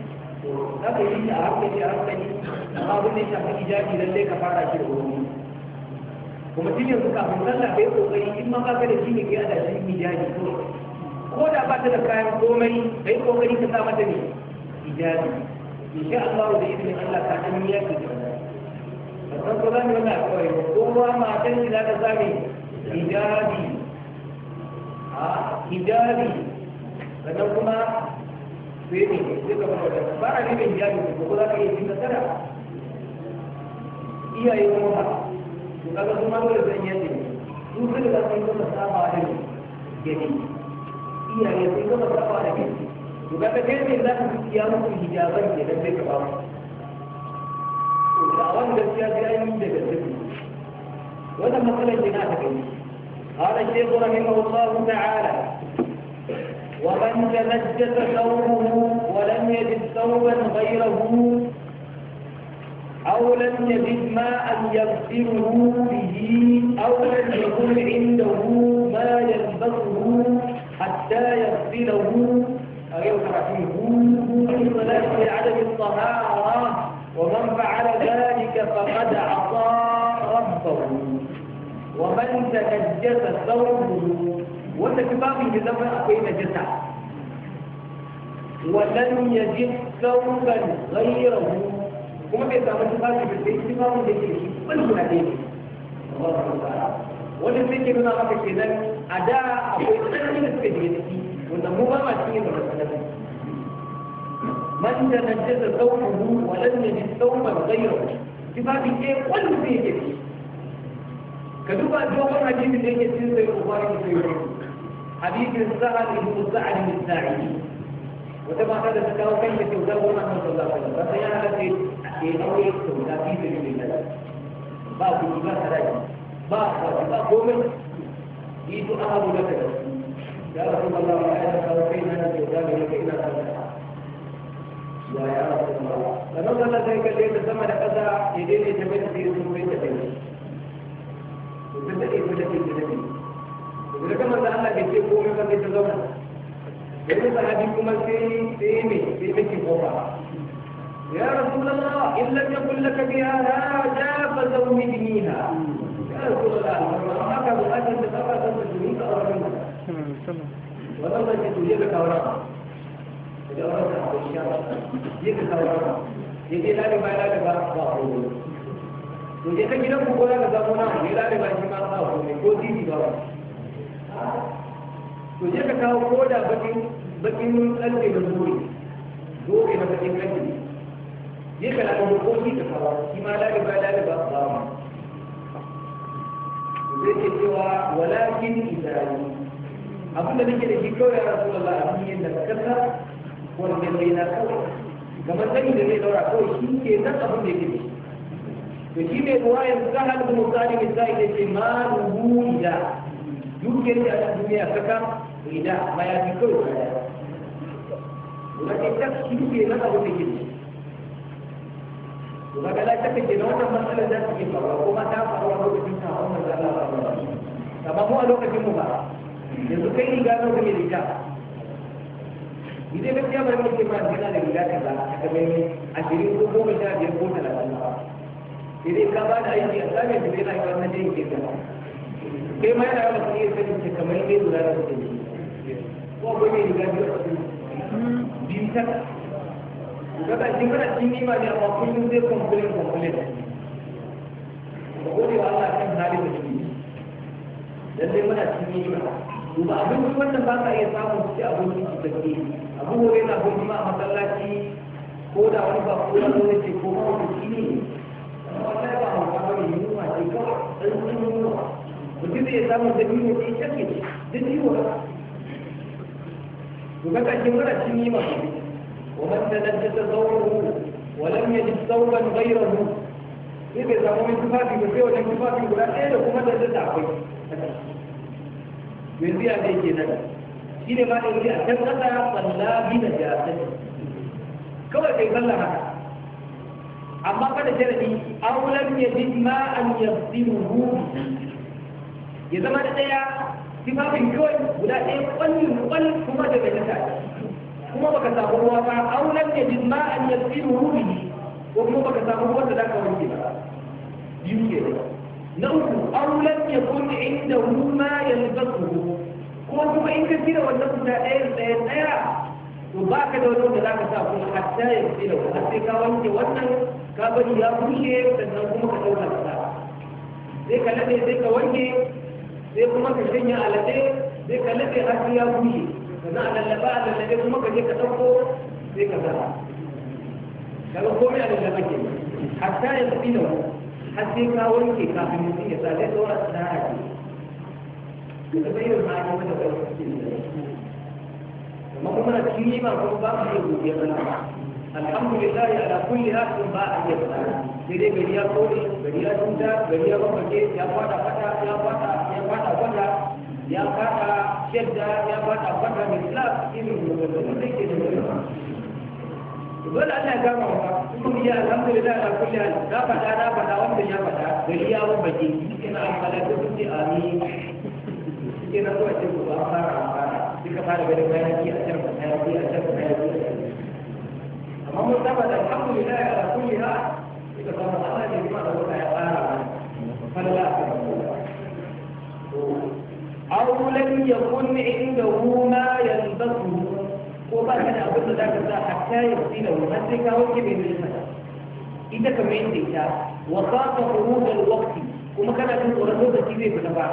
haka yi shi a hankali a hankali amma abin da ya shafi hijabi lallai ka fara shi da wuri kuma tun yanzu kafin sallah bai kokari in ma ka da shi ne ke ada shi hijabi ko da ba ta da kayan komai bai kokari ka sa mata ne hijabi insha Allah da izinin Allah ka san ya ki ba san ko zan wannan kawai ko ma matan shi za ta sami hijabi a hijabi sannan kuma sai ne sai ka fara da ba a neman hijabi ko ko za ka iya cin nasara iyaye kuma ba to kaga kuma dole zan yi ne su suka da sun gama saba da gani iyaye sun gama saba da gani to kaga kai ne za ka fi ya muku hijaban ke da sai ka ba to da wannan gaskiya sai yi da gaskiya wannan matsalar da na ta gani قال الشيخ رحمه الله تعالى ومن تمسك ثوبه ولم يجد ثوبا غيره أو لم يجد ماء يغسله به أو لم يكن عنده ما يلبسه حتى يغسله أو في ولكن عدم الطهارة ومن فعل ذلك فقد عصى ربه ومن تنجس ثوبه wanda tufafin ya zama akwai najasa walan ya ji sauran ghairahu kuma bai samu tufafin da sai tufafin da ke shi wani guda ɗaya ne wanda sai ke nuna haka kenan a da akwai tsananin da suka je ciki wanda mu ba ma cikin da masu من تنجز ثوبه ولم يجد ثوبا غيره تفاقي ايه كل في يجي كدوبا جوهر حديث اللي يجي سيدنا البخاري في حديث السهل بن سعد الساعدي وتبع هذا التكاو كلمة يزور ما صلى الله عليه بس يعني التي في أول يكتب لا في سبيل الله بعض الإمام هذا بعض الإمام قومت جيت أهل لك يا رسول الله وعلى التكاو كيف في يزور لك إلى هذا ويا رسول الله فنظر ذلك الذي تسمى لقد يدين يتمنى في رسول الله وبدأ يبدأ في da kama da Allah bai ce komai ba sai ta zauna da ya sahabi kuma sai sai me sai take kofa ya rasulullah in lam yakul laka biha haja fa zawmidniha ya rasulullah amma haka ba ta da ta da ni ka aure ba wannan ba ce to ya kawara da wannan ba shi ya ka kawara ya ce da ba da ba ba to je ka gidan ku ko da ka ne da ba shi ma ba ko ne ko titi ba to je ka kawo koda bakin bakin kalbe da zuri zobe na bakin kalbe je ka na ko ki da fara shi ma ba da ba ma to zai ke cewa walakin idani abin da nake da shi kawai ya rasu Allah a cikin yadda kasa wanda mai na kawai kamar sani da zai daura kawai shi ke nan abin da yake da shi to shi mai ruwa yanzu zahar da mutane mai zai ce ma ruhu ida dukiyar da a duniya rida ba ya fi kawai kaya wani ta shi ke na abu da ke to kaga la ke na wannan matsalar da take faruwa kuma ta faruwa lokacin ta wannan da Allah ba amma mu a lokacin mu ba yanzu kai riga na wani rida idan gaskiya ba ne ke ma da riga kaza kaga mai ashirin ko goma sha biyar ko talatin ba sai ka ba da aiki a tsarin da na yi wannan da yake kai ma yana mutum iya sanin ce kamar yadda lura da kuɗin shi ko akwai mai riga a kuɗin biyu ta shi kana cin nima ne amma kullum zai complain complain ka gode wa Allah kan hali da shi lalle muna cin nima duba abinci wannan ba ka iya samun shi abinci cikakke abu hore na abinci ma a masallaci ko da wani ba ko da wani ce ko ma wani shi ne wannan ba hauka ba ne yunwa ce kawai ɗan yunwa mutum zai samu da biyu ne ya ce da biyu ba to kaga kin mara cin nima wa man ta zawruhu wa lam yajid zawban ghayrahu sai bai samu mai tufafi ba sai wannan tufafi guda ɗaya da kuma da da akwai yanzu ya ke kenan shi ne ma da yake a can kasa tsalla bi da jirasai kawai kai sallah haka amma kada sharadi ya yajid ma an yasimuhu ya zama da ɗaya tufafin kawai guda ɗaya ƙwallin ƙwal kuma daga nasa kuma baka samu ruwa ba aunan ne jin ma an yi tsiru rubi ko kuma baka samu ruwa da za ka wanke ba biyu ke na uku aunan ya kun inda ruma ya libasu ko kuma in ka tsira wannan guda ɗaya ɗaya ɗaya to ba ka da wani wanda za ka sa kuma hatta ya tsira har sai ka wanke wannan ka bari ya bushe sannan kuma ka ɗauka ka sa sai ka laɗe sai ka wanke sai kuma ka shanya alade sai ka lafe har ya buye ka za a lallaba a lallabe kuma ka je ka ɗauko sai ka zara daga komai a lallaba ke hatta ya tafi da wani har sai ka wanke kafin mutum ya sa zai ɗora tsara ke da bai yin ma'ana da ɗaukar cikin da kuma kuma na cikin yi ba kuma ba mu ya godiya ba alhamdulillah ya kore gari ya tunta gari ya bambake ya fada fada ya fada ya fada gwada ya fada shadda ya fada gwada mai slab irin gudunar da ke da gudunar alhamdulillah ala kulli hal na fada na fada wanda ya fada gari ya bambake ina amin ina so a ce ku ba fara fara duka أو لم يكن عنده ما ينبغي وما كان أقول ذلك حتى يصير ومسك أو كبير المسك إذا كمان ديتا وخاف خروج الوقت وما كان أقول ورسول كبير بنفع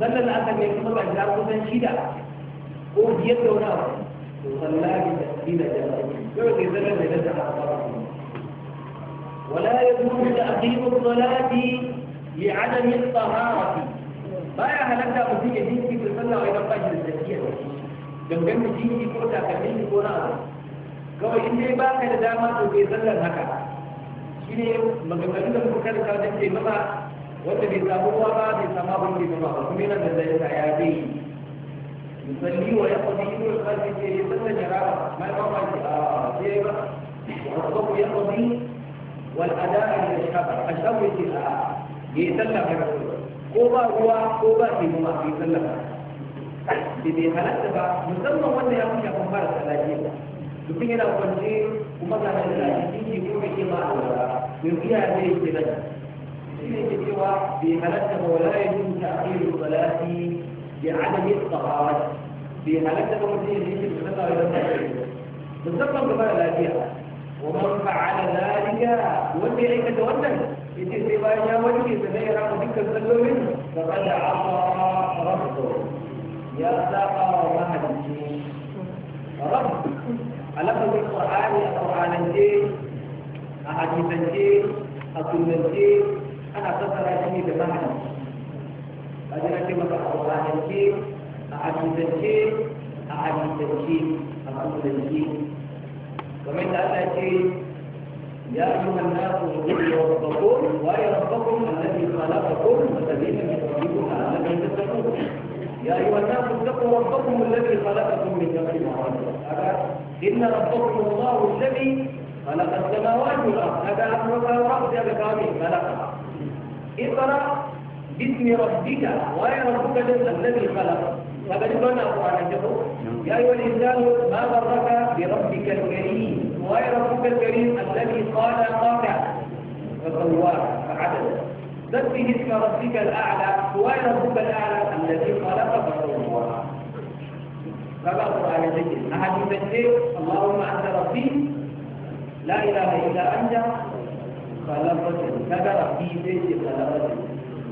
sannan na aka mai kuma ba shi kusan shida ko biyar da wani abu والله تسبيل جماعي يعطي زمن لنزع الطرف ولا يجوز تأخير الصلاة لعدم الطهارة ما يهلك mutum ya jinki ku sallah wai dan bashi da tafiya gangan da jinki ko ta kamin ko na abu in dai baka da dama to kai sallar haka shine maganganun da muka karanta da bai samu ba bai samu abin da ba da ya يصلي ويقضي يقول الخلف يصلي جراحة ما يقضي كيف والصف يقضي والأداء من الشبع الشبع يتلف يقول كوبا هو كوبا في مما halatta ba musamman wanda ya kunya kuma fara talaji ba mutum yana kwance kuma ga da talaji shi ko mai ma a wura mai biya zai yi kiran shi ne ke cewa bai halatta ba wala ya yi ta akhiru بعدم الطهارة في حالات المسيح اللي في الخطأ بالضبط بما لا فيها ومن فعل ذلك ودي عليك تولد يجي في باجا وجهي فلا في بك السلوين فقد عصى ربه يا ساقى ومهدي رب في القرآن القرآن الجيل أحاديث الجيل أصول الجيد أنا قصر أجمي بمعنى أنا كما قرأت الشيء أعجب الشيء أعجب الشيء أعجب الشيء ومن أن شيء يا أيها الناس اعبدوا ربكم وهي ربكم الذي خلقكم والذين من قبلكم لعلكم تتقون يا أيها الناس اتقوا ربكم الذي خلقكم من نفس واحدة إن ربكم الله الذي خلق السماوات والأرض هذا أمر الله رب هذا كامل خلقها اقرأ باسم ربك ويا ربك الذي خلق فبدل بنى أعرفه يا أيها الإنسان ما غرك بربك الكريم ويا ربك الكريم الذي قال قاطع فسواك فعدلك سبه اسم ربك الأعلى ويا ربك الأعلى الذي خلق فسواك فبقى القرآن جيد أحد يبدل اللهم أنت ربي لا إله إلا أنت خلقتني كذا ربي بيتي خلقتني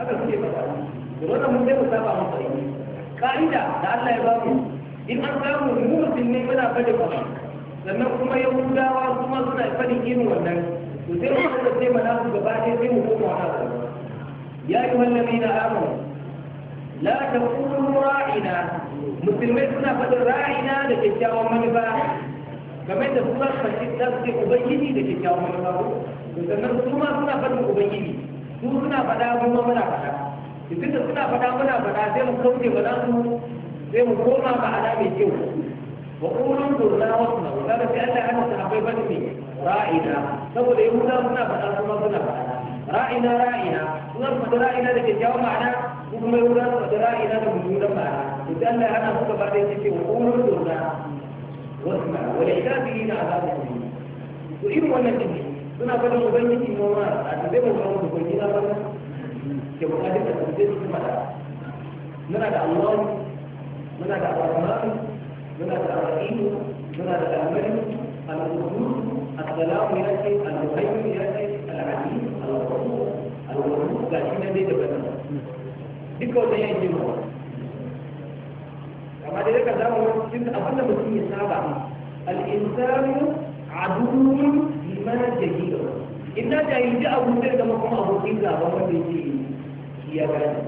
haka suke faɗa da wannan mun sai mu saba mu yi ka'ida da Allah ya bamu in an samu mu musulmi muna fada ba sannan kuma yahudawa kuma suna fadin irin wannan to sai mu fada sai mana su gaba ɗaya sai mu koma wani abu ya yi wallabi na amon la ta kuru ra'ina musulmai suna faɗin ra'ina da kyakkyawan manufa game da su za su fashi za su ce ubangiji da kyakkyawan manufa to sannan su ma suna faɗin ubangiji su suna faɗa mu muna faɗa idan da suna faɗa muna faɗa sai mu kauce ba za mu sai mu koma ba ala mai kyau wa qulun durna wa sunna wa kada sai Allah ya hada akwai bane ne ra'ina saboda yahuda suna faɗa kuma suna faɗa ra'ina ra'ina suna faɗa ra'ina da kyakkyawan ma'ana ko kuma yahuda suna faɗa ra'ina da mummunan ma'ana idan Allah ya hada suka bada dai yake wa qulun durna wa sunna wa la'ikabi ila azabi to irin wannan din suna ganin ubangiji ma a tafiye mu kawo dubanni na wani ke bukatun da tafiye su kuma da muna da allahu muna da alhamdu muna da alhamu muna da alhamdu alhamdu assalamu ya ce alhamdu ya ce alhamdu alhamdu alhamdu ga shi nan da bana duka wannan yanki mu amma dai ka zamu cikin abin da mutum ya saba al-insanu aduwwun majagi da wani in yi jahilci abu zai zama kuma abokin gaba wanda yake ya gani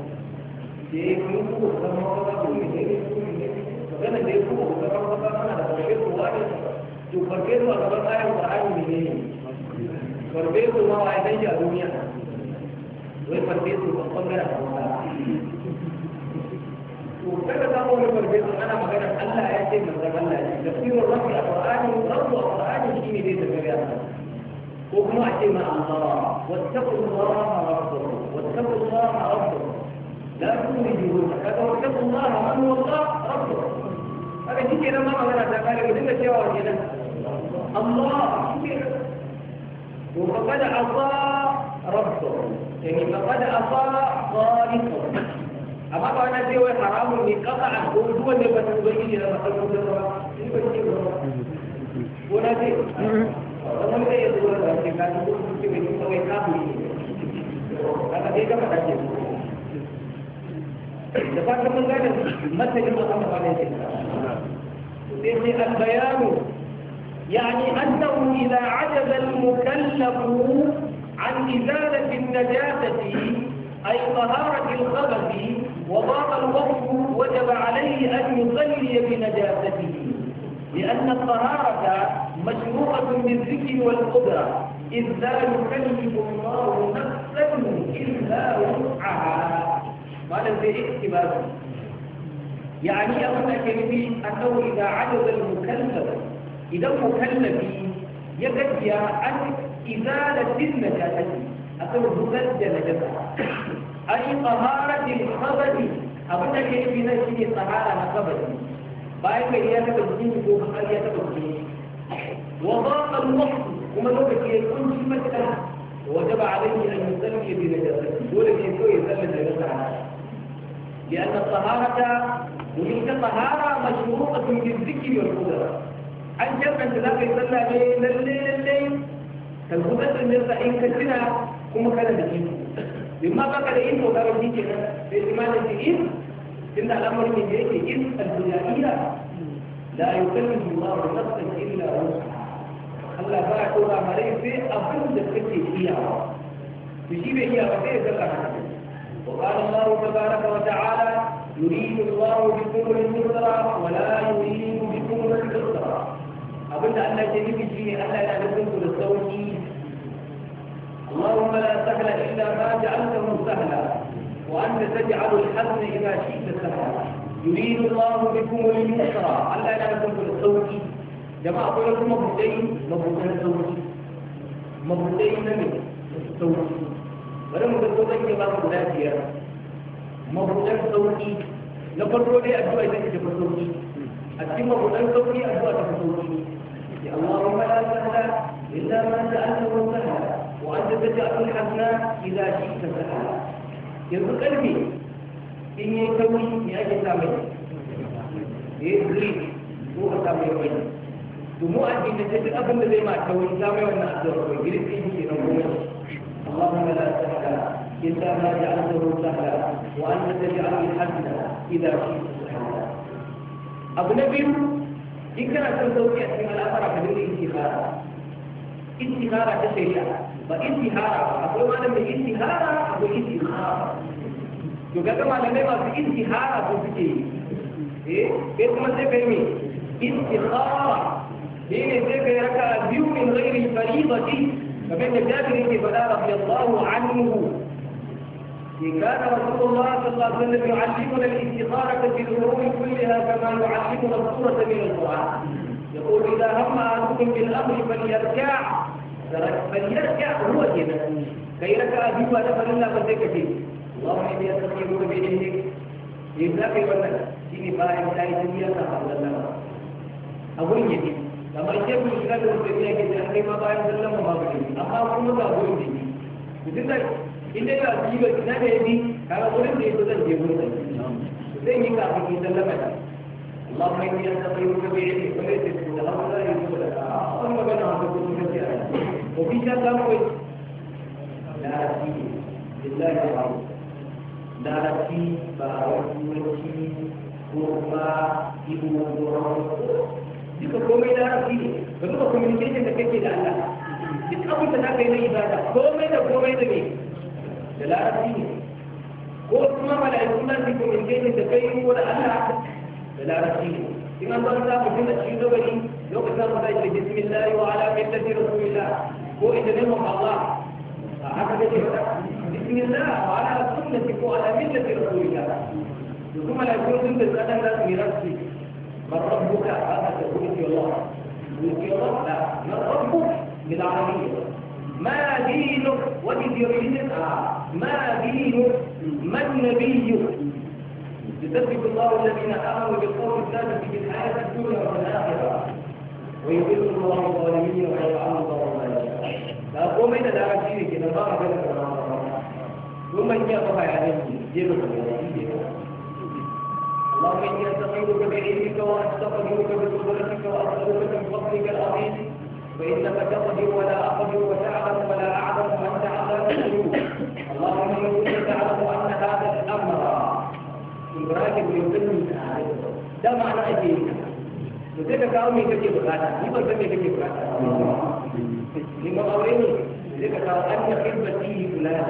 da ya yi kuma kuma zama wata ko ne ne magana da ya kuma kuma zama wata mana da karfe ruwa ne to karfe ruwa gaba tsarin ƙwararri ne ne karfe ruwa wa ya danji a duniya wai karfe su ba ɓangaren a wata to kada za mu wani karfe su ana magana Allah ya ce manzan Allah ya da kuma rafi a ƙwararri rafi ƙwararri shi ne zai tafi da وكما أحكم عن واتقوا الله ربكم واتقوا الله ربكم لا هذا واتقوا الله من هو الله ربكم هذا شيء كذا مرة أنا تقالي وذلك يا وجهنا الله كبير وفقد عصى ربكم يعني فقد عصى خالقكم أما أنا سوى حرام قطع هو اللي بتبين لما تقول له ولا شيء ne ka duk mutum mai nisa wai kafin ne kaga dai gaba da ke da fata mun gane matsayin da يعني أنه إذا عجز المكلف عن إزالة النجاسة أي طهارة الخبث وضاق الوقت وجب عليه أن يصلي بنجاسته لأن الطهارة مشروعة بالذكر والقدرة إذ لا يكلم الله نفسا إلا وسعها ماذا في اكتبار يعني أقول كلمة أنه إذا عجز المكلف إذا المكلف يجد عن إزالة النجاسة أو بذل نجاسة أي طهارة الخبث أقول كلمة شيء طهارة الخبث بايك يا تبدين وضاق المحصن kuma lokaci يكون في matuƙa وجب عليه أن يسلي بنجاسته ولم يكن يسلي بنجاسته لأن الطهارة وتلك الطهارة مشروطة بالذكر والقدرة أن جمع تلاقي يسلى بين الليل الليل فالقدرة النساء إن كثيرة كما كان بجيب لما بقى لئين وقال في باعتماد الدين إن الأمر من جيك إن الدنيائية لا يكلم الله نفسا إلا وسعها Allah ba ya tura mare sai abin da kake iyawa to shi bai iya ba sai ya وقال الله تبارك وتعالى يريد الله بكم اليسر ولا يريد بكم العسر أبدا أن جميل شيء ألا لا نكون للسوء اللهم لا سهل إلا ما جعلته سهلا وأنت تجعل الحزن إذا شئت سهلا يريد الله بكم اليسر ألا لا نكون للسوء جماعة أقول لكم مبتين مبتين التوجيه مبتين من التوجيه ولا مبتين من التوجيه مبتين التوجيه نقدروا لي أدوى إذا كنت التوجيه أتي مبتين التوجيه أدوى إذا كنت التوجيه اللهم لا سهل إلا ما سألت وسهل وأنت تجعل الحسنى إذا شئت سهل يقول قلبي إني توجيه من أجل تعمل إبليك هو تعمل وينك dumu a ina ce duk abin da zai ma kawai ta mai wannan addu'a ko girki ne ke nan gobe Allahu la ilaha illa anta inna ma ja'alahu sahla wa anta taj'alu al-hadda idha shi'ta Abu Nabi in kana son sauki a cikin al'amara ka dinga istihara istihara ta shari'a ba istihara akwai malam mai istihara akwai istihara to kaga malamai masu istihara ko suke eh sai kuma sai kai me istihara shine sai kai raka biyu min ghairi فمن kamar da فلا رضي الله عنه كان رسول الله صلى الله عليه وسلم يعلمنا الاستخارة في الأمور كلها كما يعلمنا السورة من القرآن يقول إذا هم أنكم بالأمر فليركع فليركع هو كذا كي ركع به هذا فلله فزكته اللهم إني أستغفرك بعلمك إذاك يقول لك شيني فاهم لا يسمي أنا أقول لك أقول لك kamar yadda shiga da mutum ya ke jan kai ma bayan sallama ma ba ne amma kuma ga gurin da ni mutum in dai ba yi ba kina da yabi kaga gurin da yake zan je gurin da zan yi kafin ki sallama da اللهم اني استغفرك بعلمك وليس بك اللهم ko يجوز لك ثم ko عبدك ومسيرك وفي شر لا فيه لله العظيم لا فيه فاعوذ بك وما ابن الله duka komai larabci ne da duka communication da kake da Allah duk abin da zaka yi na ibada komai da komai da ne da larabci ne ko kuma mala'ikun nan su communication da kai ko da Allah da larabci ne in an zama za mu tunda cikin gabari lokacin mu zai ce bismillah wa ala millati rasulillah ko in da neman Allah haka kake faɗa bismillah wa ala sunnati ko ala millati rasulillah kuma la yakun tunda kadan da su mirasi من ربك هذا تقول في الله تقول في الله لا من ربك بالعربية ما دينك ودي دينك آه. ما دينك ما نبيك يثبت الله الذين امنوا بالقول الثابت في الحياه الدنيا والاخره ويضل الله الظالمين ويلعن الله الظالمين فقوم الى العجيب كده ضرب لك ثم جاء بها عليه جبل اللهم إني أستغيثك بعلمك وأستغفرك بقدرتك وأسألك من فضلك العظيم فإنك تقدر ولا أقدر وتعلم ولا أعلم وأنت على القلوب اللهم إني تعلم أن هذا الأمر إبراهيم يظن ده معنى أجيبك to ka kawo me kake bukata ni ban san me kake bukata ni ma aure ne sai ka kawo an na khibbati fulana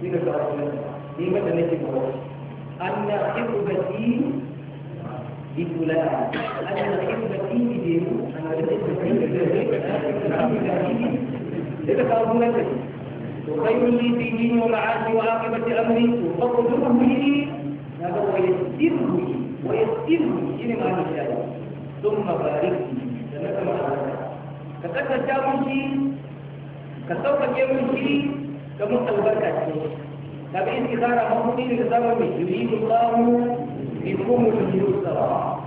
ni ka kawo fulana ni ma da nake ba an na khibbati بالكلاعة أنا الحكمة فيه دينه أنا الحكمة فيه دينه إذا قالوا لك وخير لي في ديني ومعاشي وعاقبة أمري وفضله لي هذا هو يسره ويسره إلى ما ثم باركني سنة معاشي فقد شيء كسوف شيء كمثل بركة شيء تبعي استخارة إيه مهمين لزمن يريد الله bikum al-yusra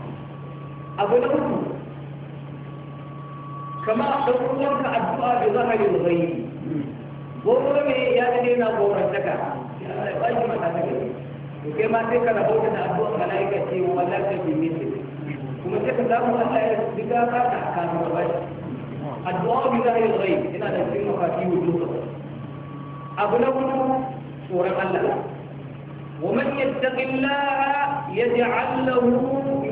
abu na uku kama dan uwanka addu'a bi zahari al zai, gobara ne ya ne na gobar saka ya ya ba shi mata take to kai ma sai ka rabu da addu'a malaika ce ka kuma sai ka samu Allah ya riga ka ka ka ba shi addu'a bi zahari al zai ina da cikin mafatihu duka abu na hudu tsoron Allah ومن يتق الله يجعل له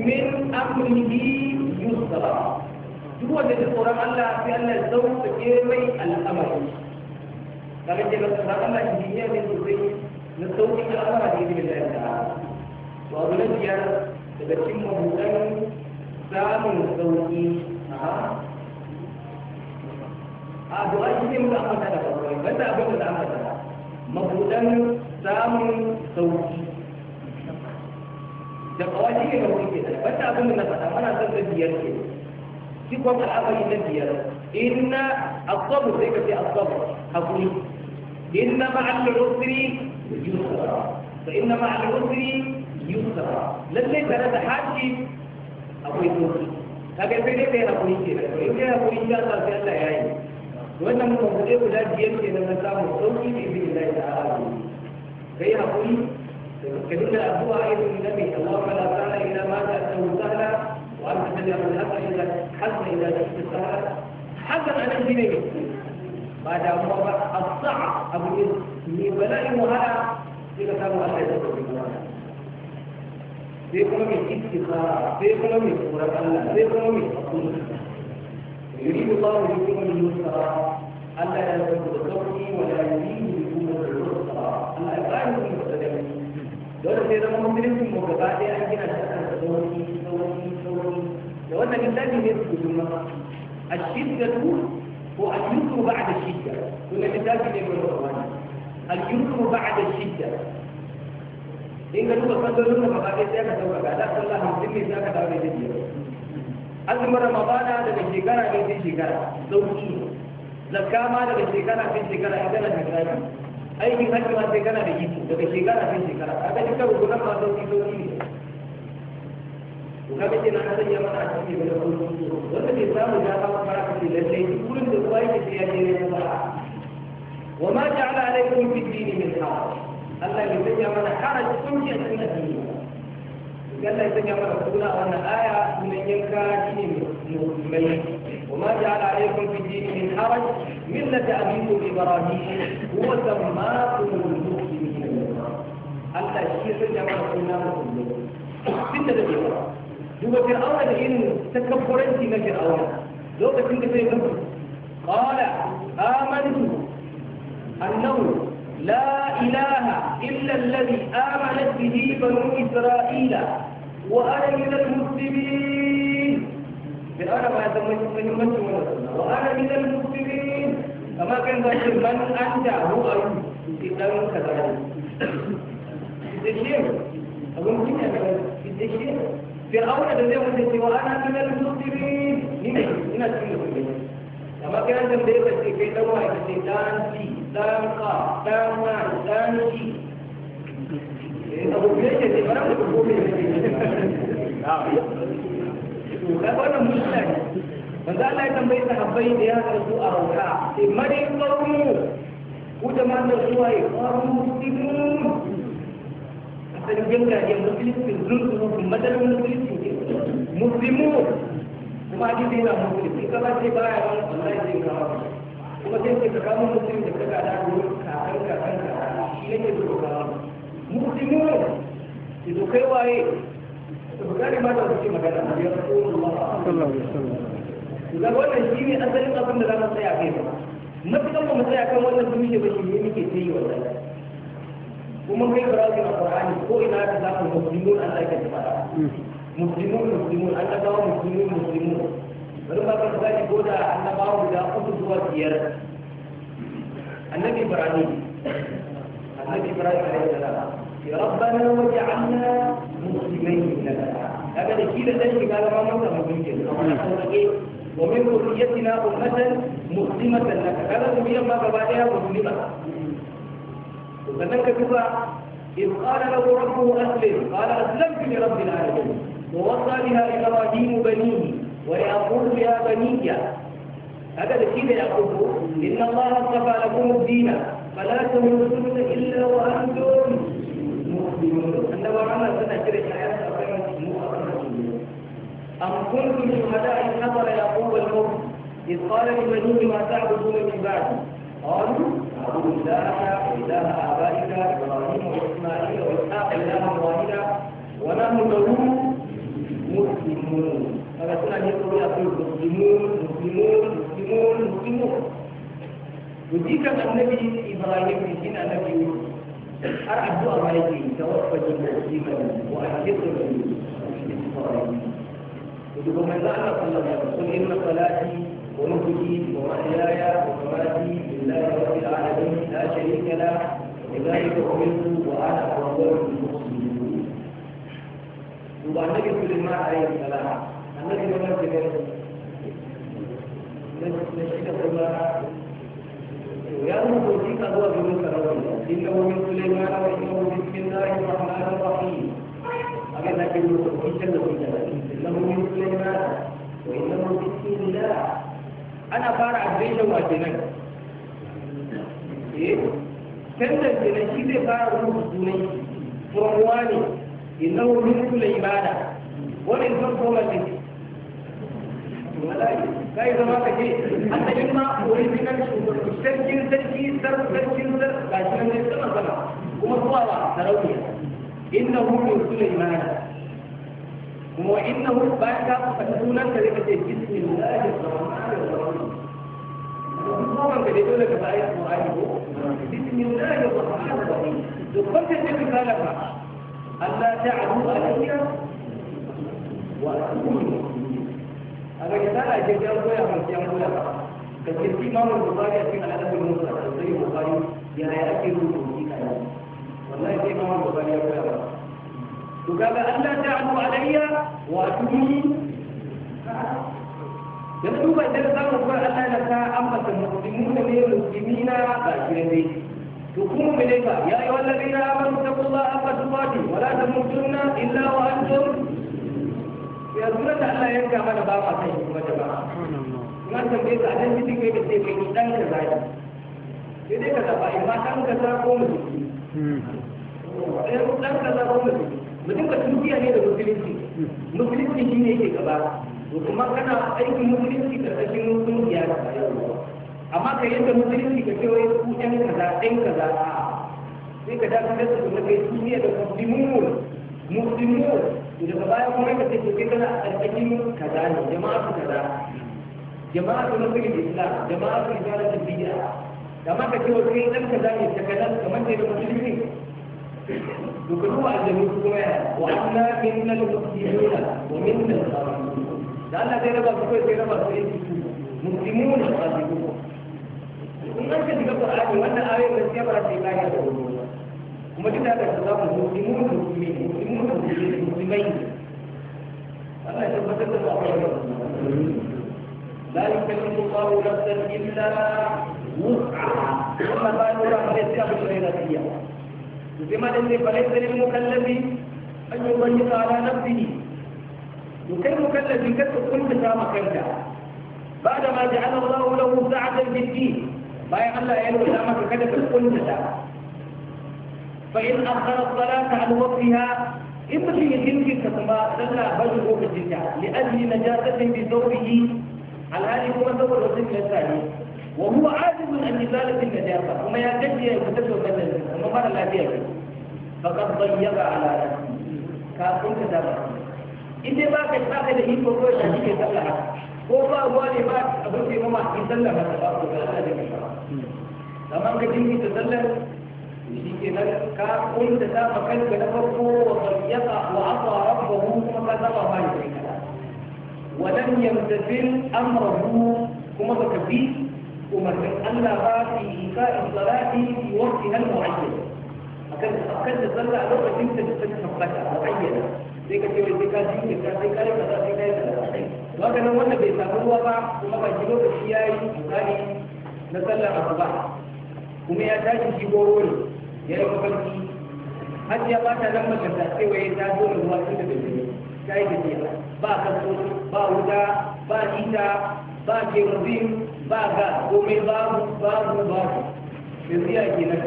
من أمره يسرا هو الذي قرأ الله في أن الزوج يرمي الأمر لكن جب قرأ الله جميع من زوجي نسوي الأمر بإذن الله تعالى وأولاد يا تبتم مهتم سام زوجي أدعى جميع الأمر تعالى بس أبدا الأمر تعالى مهتم samun sauki da kawai shi ne mafi ke da wata abin da na faɗa mana son da biyar ke shi aka yi na biyar inna asabu sai ka ce asabu hakuri inna ma'al usri yusra fa inna ma'al usri yusra lalle tare da haji akwai sauki kaga sai dai kai hakuri ke da kai dai hakuri ya sa sai Allah ya yi wannan mutum guda biyar ke nan, na samu sauki da izinin Allah ta'ala زي ما قلنا أبوها أيضا النبي اللهم لا تعالى إلا ما جاءته سهلا وأنت تجعل الهم إلا حتى إذا جئت سهلا حتى أنا أجيبه بعد أمور الصعب أبو الإذن من بلاء وهلا إذا كانوا أهل في sai kuma mai istikara sai kuma mai tsoron Allah sai kuma mai hakuri yuridu Allahu bikum al-yusra Allah ya rabu da sauki dole sai zama musulunci mu gaba ɗaya an gina shi akan sauri sauri sauri da wannan littafi ne su gudun maka a shiddatu ko a yusuf ba da shidda kuma littafi ne mai rawa a yusuf ba da shidda in ka duba sallolin da gaba ɗaya sai ka sauka ga sallah hamsin ne sai ka dawo da biyar azumin ramadana daga shekara ne sai shekara sauki zakka ma daga shekara sai shekara idan ka tsaya aikin hajji ma sai kana da iko daga shekara fi shekara kaga duka rukunan ma sauki sauki ne to bai ce na hasan yamma mana a cikin da wani wanda bai samu da ba ma fara kace lalle wurin da kowa yake sai ya je ne ba wa ma ja'ala alaikum fi dini min haraj Allah ya sanya mana haraj kunci a cikin addini Allah ya sanya mana kuna wannan aya sunan yanka shine mai وما جعل عليكم في الدين من حرج ملة أبيكم إبراهيم هو سماكم المسلمين حتى الشيخ جمع كنا ستة دقيقة دوبا فرعون الحين تكبرنتي ما فرعون لو كنت في قال آمنت أنه لا إله إلا الذي آمنت به بنو إسرائيل وأنا من المسلمين fir'auna ba ya san muhimmancin wannan suna wa ana min al-mufsirin amma kan ba shi man anta hu ayu idan ka zara da shi abun kinya da shi fir'auna da zai mutu cewa ana min al ni ne ina cikin mutum amma kai an tambaye ka ce kai dan wa ka ce dan ci dan ka dan ma dan ci abu ne ke ce bara ku ko ne to ka ga wannan mushkila ne manzo Allah ya tambaye sahabbai da ya haɗa su a hauka sai eh, mare qawmu ku jama'an da su waye qawmu muslimun asalin gangaje musulmi zunzu madalin musulmi muslimun kuma hadisi yana musulmi ka ba sai baya wani wallahi sai ba kuma sai sai ka kama musulmi da kaga da gurin kakan kakan kakan shi yake so ka muslimun ki zo kai waye sallallahu alaihi wasallam da wannan shi ne asalin abin da za mu tsaya kai ba matukan ba mu tsaya kan wannan duniya ba shi ne muke ta yi wannan kuma kai ba za ka Qur'ani ko ina ka za ka muslimun Allah ke fara muslimun muslimun Allah ba muslimun muslimun bari ba ka zaki ko da Allah ba mu da uku zuwa biyar annabi Ibrahim annabi Ibrahim alaihi salam ya rabbana waj'alna مسلمين ما ومن ذريتنا أمة مسلمة لك هذا سبيل ما قبلها مسلمة وكذلك كفى إذ قال له ربه أسلم قال أسلمت لرب العالمين ووصى بها إبراهيم بنيه ويعقوب بها بنيا هذا الشيء يعقوب إن الله اصطفى لكم الدين فلا تموتن إلا وأنتم أم كنتم شهداء إذ حضر يعقوب الموت إذ قال لبنيه ما تعبدون من بعد قالوا نعبد الله وإله آبائك إبراهيم وإسماعيل وإسحاق إلها واحدا ونحن له مسلمون فلسنا يقول نقول يقول مسلمون مسلمون مسلمون مسلمون يجيك النبي إبراهيم في النبي يوسف أرعب دعاء عليك توفني مسلما من بالصالحين وتقول من لا أعرف الله إن صلاتي ونفسي ومحياي ومماتي لله رب العالمين لا شريك له لذلك أمرت وأنا أول المسلمين وبعد ذلك كل ما عليه السلام أنك لم يكن نشيد الله ya rubo shi ka zuwa domin sarauta inda wani sulaiman a wani yawon cikin tsarin rahman rahim abin da ke rubo cikin da kuka inda wani sulaiman wa inda wani cikin da ana fara adireshin wa kenan eh tantan kenan shi zai fara rubuta sunan from wani inna wani sulaiman wani farko mace malaika kai zama ka ce hatta in ma original shugaban sarkin sarki sarki sarkin sarki ga shi ne sama sama kuma zuwa ba sarauniya inna hu min sulaiman kuma inna hu ba ka fata sunan ka zai kace bismillahir rahmanir rahim kuma ban ka dai dole ka bayi qur'ani ko bismillahir rahmanir rahim to kun ta ce misala fa Allah ta'ala alayya wa asmihi a ga yana a ke jan goya kan jan ba ka ce shi ma mun bukari a cikin al'adar mun sa sai ya ya ake rubuta shi kai wallahi sai ma mun ya goya ba to kaga Allah ta anu alayya wa tuhi dan duba idan za mu ga Allah na ta ambata muslimuna ne muslimina ba kirai to kuma me ne ba ya ayyuhallazina amanu taqullaha haqqa tuqatih wa la tamutunna illa wa antum yanzu da Allah ya gama da ba ma kai kuma da ba na tambaye ka dan cikin kai da sai kai dan ka zai sai dai ka zaba in ma dan ka za ko mutum eh dan ka za ko mutum mutum ka tunkiya ne da musulunci musulunci shine yake gaba to kuma kana aikin musulunci da cikin musulunci ya gaba amma ka yadda musulunci ka cewa ku ɗan kaza ɗan kaza sai ka dakatar da su na kai duniya da kuma muslimu daga baya kuma ka take kai kana alƙalin kaza ne jama'a su kaza jama'a su nasarar islam jama'a su ibadatu bid'a da ma ce wa kai dan kaza ne ta kaza kamar da musulmi ne to kuma aljanu kuma ya wa anna minna al-muslimuna wa minna al-muslimun da Allah zai raba su kai zai raba su ne muslimuna wa muslimun in an ka diga qur'ani wannan ayoyin gaskiya ba za ta yi bayan da kuma duk da haka المسلمون mu muslimun muslimin muslimun muslimin muslimai Allah ya لا يكلف الله نفسا الا وسعها وما بالو رحمه الكبر الغيريه بما ان فليس للمكلف ان يضيق على نفسه وكل مكلف قد تكون بسامة كنتا بعدما جعل الله له سعة في الدين ما يعلى يلو سامة كذا في القنة فإن أخر الصلاة عن وقتها امشي يجنك لنا دل في بالجزع لأجل نجاسة بثوبه على هذه هو ثوب الرسول الثاني وهو عاجز عن إزالة النجاسة وما يجد يتسلل بدل وما قال لا فيه فقد ضيق على نفسه كافون كتابة إذا ما كنت أخذ هيك وقوة شديد يسلح وما هو اللي أبوك ماما يسلح هذا الأرض فلا يجب أن shi ke nan ka kunta ta makanka na farko wa tsayyaka wa asa rabbahu kuma ka zama ba ne wa lam yamtazil amrahu kuma ba ka bi umarnin Allah ba fi isa'i salati fi waqtiha al-mu'ayyan A akan da sallah lokacin da ta tabbata mu'ayyana sai ka ce wai ka ji ka sai ka rika sai ka yi da ba ka nan wanda bai samu ruwa ba kuma ba shi lokaci yayi misali na sallar ba. kuma ya tashi shi goro ne ya rabu farki hajiya ba ta nan mace ta tsewaye ta zo da ruwa tun da dare ta yi tafiya ba kaso ba wuta ba nita ba ke kerozin ba ga komai babu babu babu yanzu ya ke nan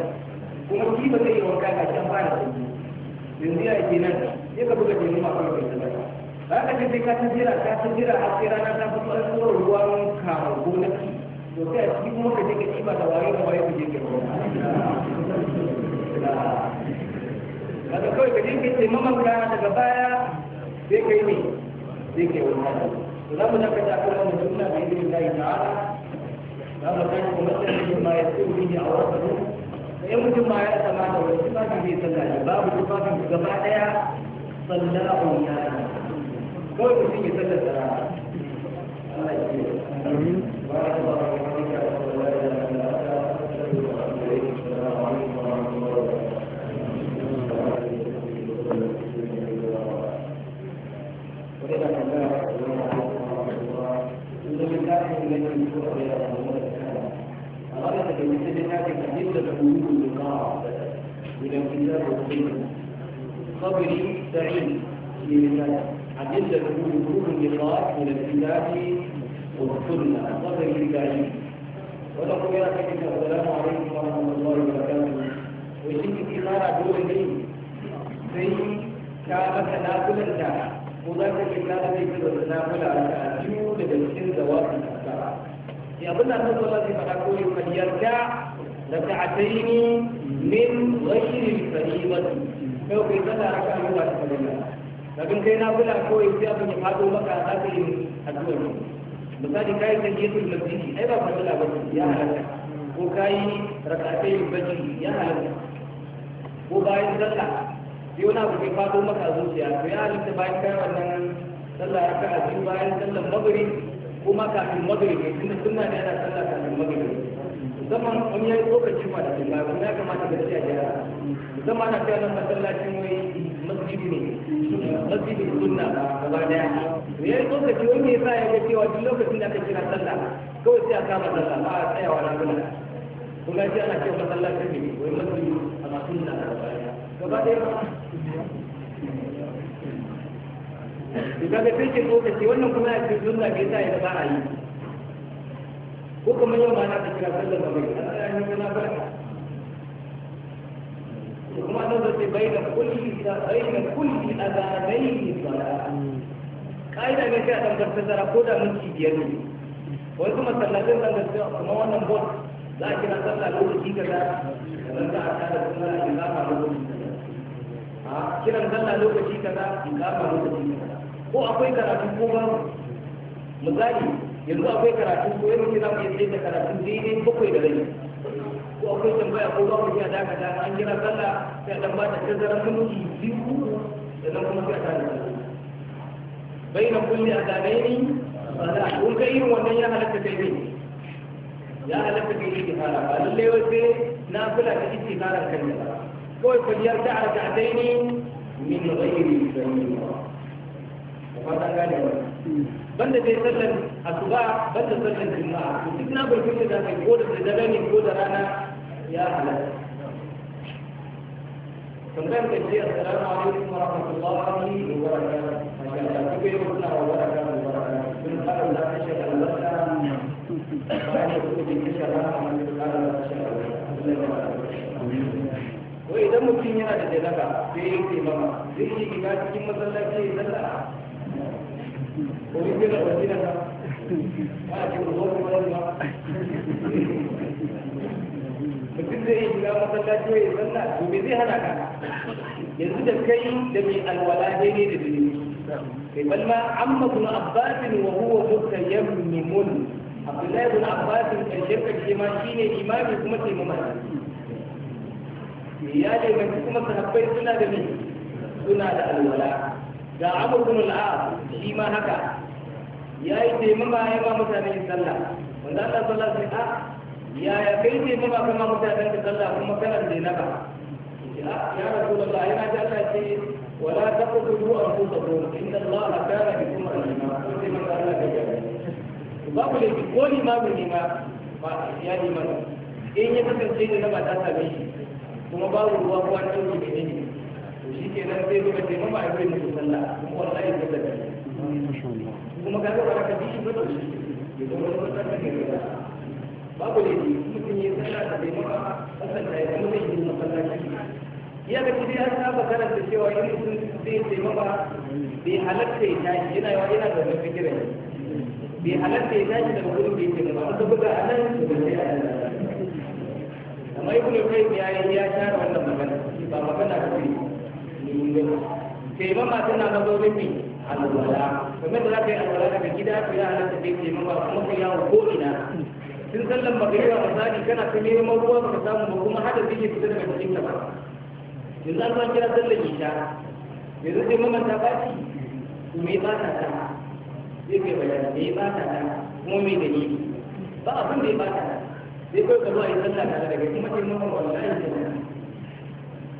kuma shi ba zai yi wanka ga can fara sanyi yanzu ya ke nan sai ka buga jini masu rufin sadaka ba ka ce sai ka ta jira ka ta jira har sai rana ta fi tsarin ruwan kamar gonaki to sai a ciki kuma ka je ka ɗiba da waye da waye ku je ke ruwa daga kawai ka jinka ce mamanka daga baya sai ka yi ne sai ka yi Ba za mu daga ta kuma da suna da izinin layi ta'ala za mu kai kuma sai ma ya ce wuri a wata ne sai mutum ma ya sama da wani tufafi zai sallah ne babu tufafin gaba daya sallahu ya kawai mutum ya sallar da rana Allah ya ce wa rahmatullahi تكونوا لقاء من الكتاب والسنة صبري سعيد في مثال عجلت تكون اللقاء من الكتاب والسنة صبري سعيد ولكم يا أخي السلام عليكم ورحمة الله وبركاته وشيك إخارة دور لي في كعبة تناقلا لها وذلك كان يكون تناقلا على أجيو لبسين دواب الأسرع يا ابن الله صلى الله عليه وسلم يرجع ركعتين من غير الفريضة لو كنت ركعة يوم لكن كنا بلا كوي في أبن يفعلوا لك هذه الدول misali kayi tahiyatul masjidi ai ba fadila ba ya halaka ko kayi rak'atay fajr ya halaka ko bayan sallah sai wani abu ke fado maka zuciya to ya halitta bayan kai wannan sallah raka'a biyu bayan sallar maghrib ko ma kafin maghrib ne tunda sunna ne ana sallah kafin maghrib musamman wani ya yi tsokaci ma da ke ba ya kamata ga ciya gyara musamman na fiye masallacin wai masjidi ne masjidin sunna gaba daya to ya yi tsokaci wani ya sa ya ga cewa duk lokacin da aka kira sallah kawai sai a kama sallah ba a tsayawa na gudu kun ga ana cewa masallacin ne wai masjidi a masu sunna gaba ba gaba daya to kaga sai tsokaci wannan kuma ya ce sunna bai sa ya ba yi ko kuma yau ma na ta kira sallar magana an tsaya ne na barka kuma an zo sai bai da kulli da bai da kulli azanai sala kaida ne sai a dan gartazara ko da minti biyar ne wai kuma sallatin dan gaskiya kuma wannan bot za a kira sallah lokaci kaza dan ta ta da kuma in ga ma lokaci a kiran sallah lokaci kaza in ga ma lokaci kaza ko akwai karatu ko babu misali yanzu akwai karatu ko yau ne za mu yi tsaye da karatu daidai bakwai da rai ko akwai tambaya ko ba mu ji a da an gina sallah sai dan ba ta tazarar yi biyu da nan kuma sai a tare da baina kulli adanaini sala kun kai irin wannan ya halatta kai ne ya halatta kai ne hala ba lalle wace na kula da istiharar kai ne ko kuliyar ta'arka adaini min ghairi sanin ba wata gane wani banda dai sallan, asuba banda sallar juma'a to duk na barkin da zaka ko da dare ne ko da rana ya halatta tambayar da ce assalamu alaikum wa rahmatullahi wa barakatuh masha Allah kuke yau kuna wa barakatuh wa barakatuh kun fara da kashe albarka bayan ku kuke kashe ne, da fara da kashe albarka ko idan mutum yana da jalaba sai yake mama zai yi ina cikin masallaci ya zalla mutum zai yi shiga masallaci ya yi sallah to me zai hana ka yanzu da kai da mai alwala daidai da daidai kai bal ma amma ibn abbas wa huwa mutayammimun abdullahi ibn abbas karshe karshe ma shine imami kuma sai mu ya dai kuma sahabbai suna da me suna da alwala da abubuwan al'ad shi ma haka ya yi ba ya ma mutane yin sallah wanda Allah sallah sai a ya ah, ya kai taimama ba kama mutane da sallah kuma kana da naka ya rasu da yana ji jata ce wala taqtulu anfusakum inna Allah kana kuma rahima ko sai manzo Allah ya yi babu da ko ni ma ni ma ba ya ni ma in ya kasance da na ba ta same shi kuma babu ruwa ko an dauke ne shi ke nan zai zuba ce mama a gurin mutum sallah kuma wallahi ya zaba kuma ga gaba ka ji ba da shi ya zama wani wata kan ba babu ne mutum ya sallah da taimaka sallah da ya zama zai yi ya ga kudi an saba karanta cewa in mutum zai taimaka bai halatta ya tashi yana yawa yana da wani fikira bai halatta ya tashi daga gurin bai taimaka ka buga a nan da sai a nan ibn qayyim ya ya share wannan magana ba magana ba wurin taimama tana a ne alwala da za yi alwala daga gida ka yi ta kai ba kuma yawo ko ina tun sallan magariba kana ta neman ruwa samu ba kuma hada zai fita daga cikin ka ba yanzu an kira sallan isha yanzu ta baci to me ba ta ta zai kai bayani ba ta ta kuma da ni ba abin da ya ba ta ta sai kai ka zo a yi sallah tare da kai kuma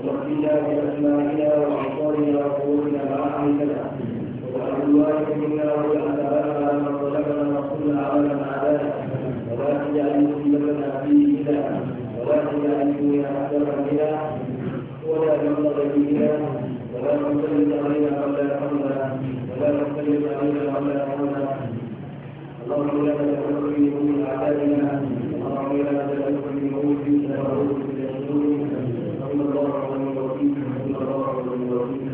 رب الله بأسمائنا وأبصارنا وقلوبنا ما أعيتنا وأزواجك منا وأتباعنا من ظلمنا وكنا عملا عدانا ولا تجعل مصيبتنا في ديننا ولا تجعل الدنيا أكبر منا ولا مبلغ ديننا ولا تسلط علينا من لا يرحمنا ولا تسلط علينا من لا يرحمنا اللهم لا تجعل في نور أعدائنا اللهم لا تجعل في نور في شرور في شرور الله عليه وسلم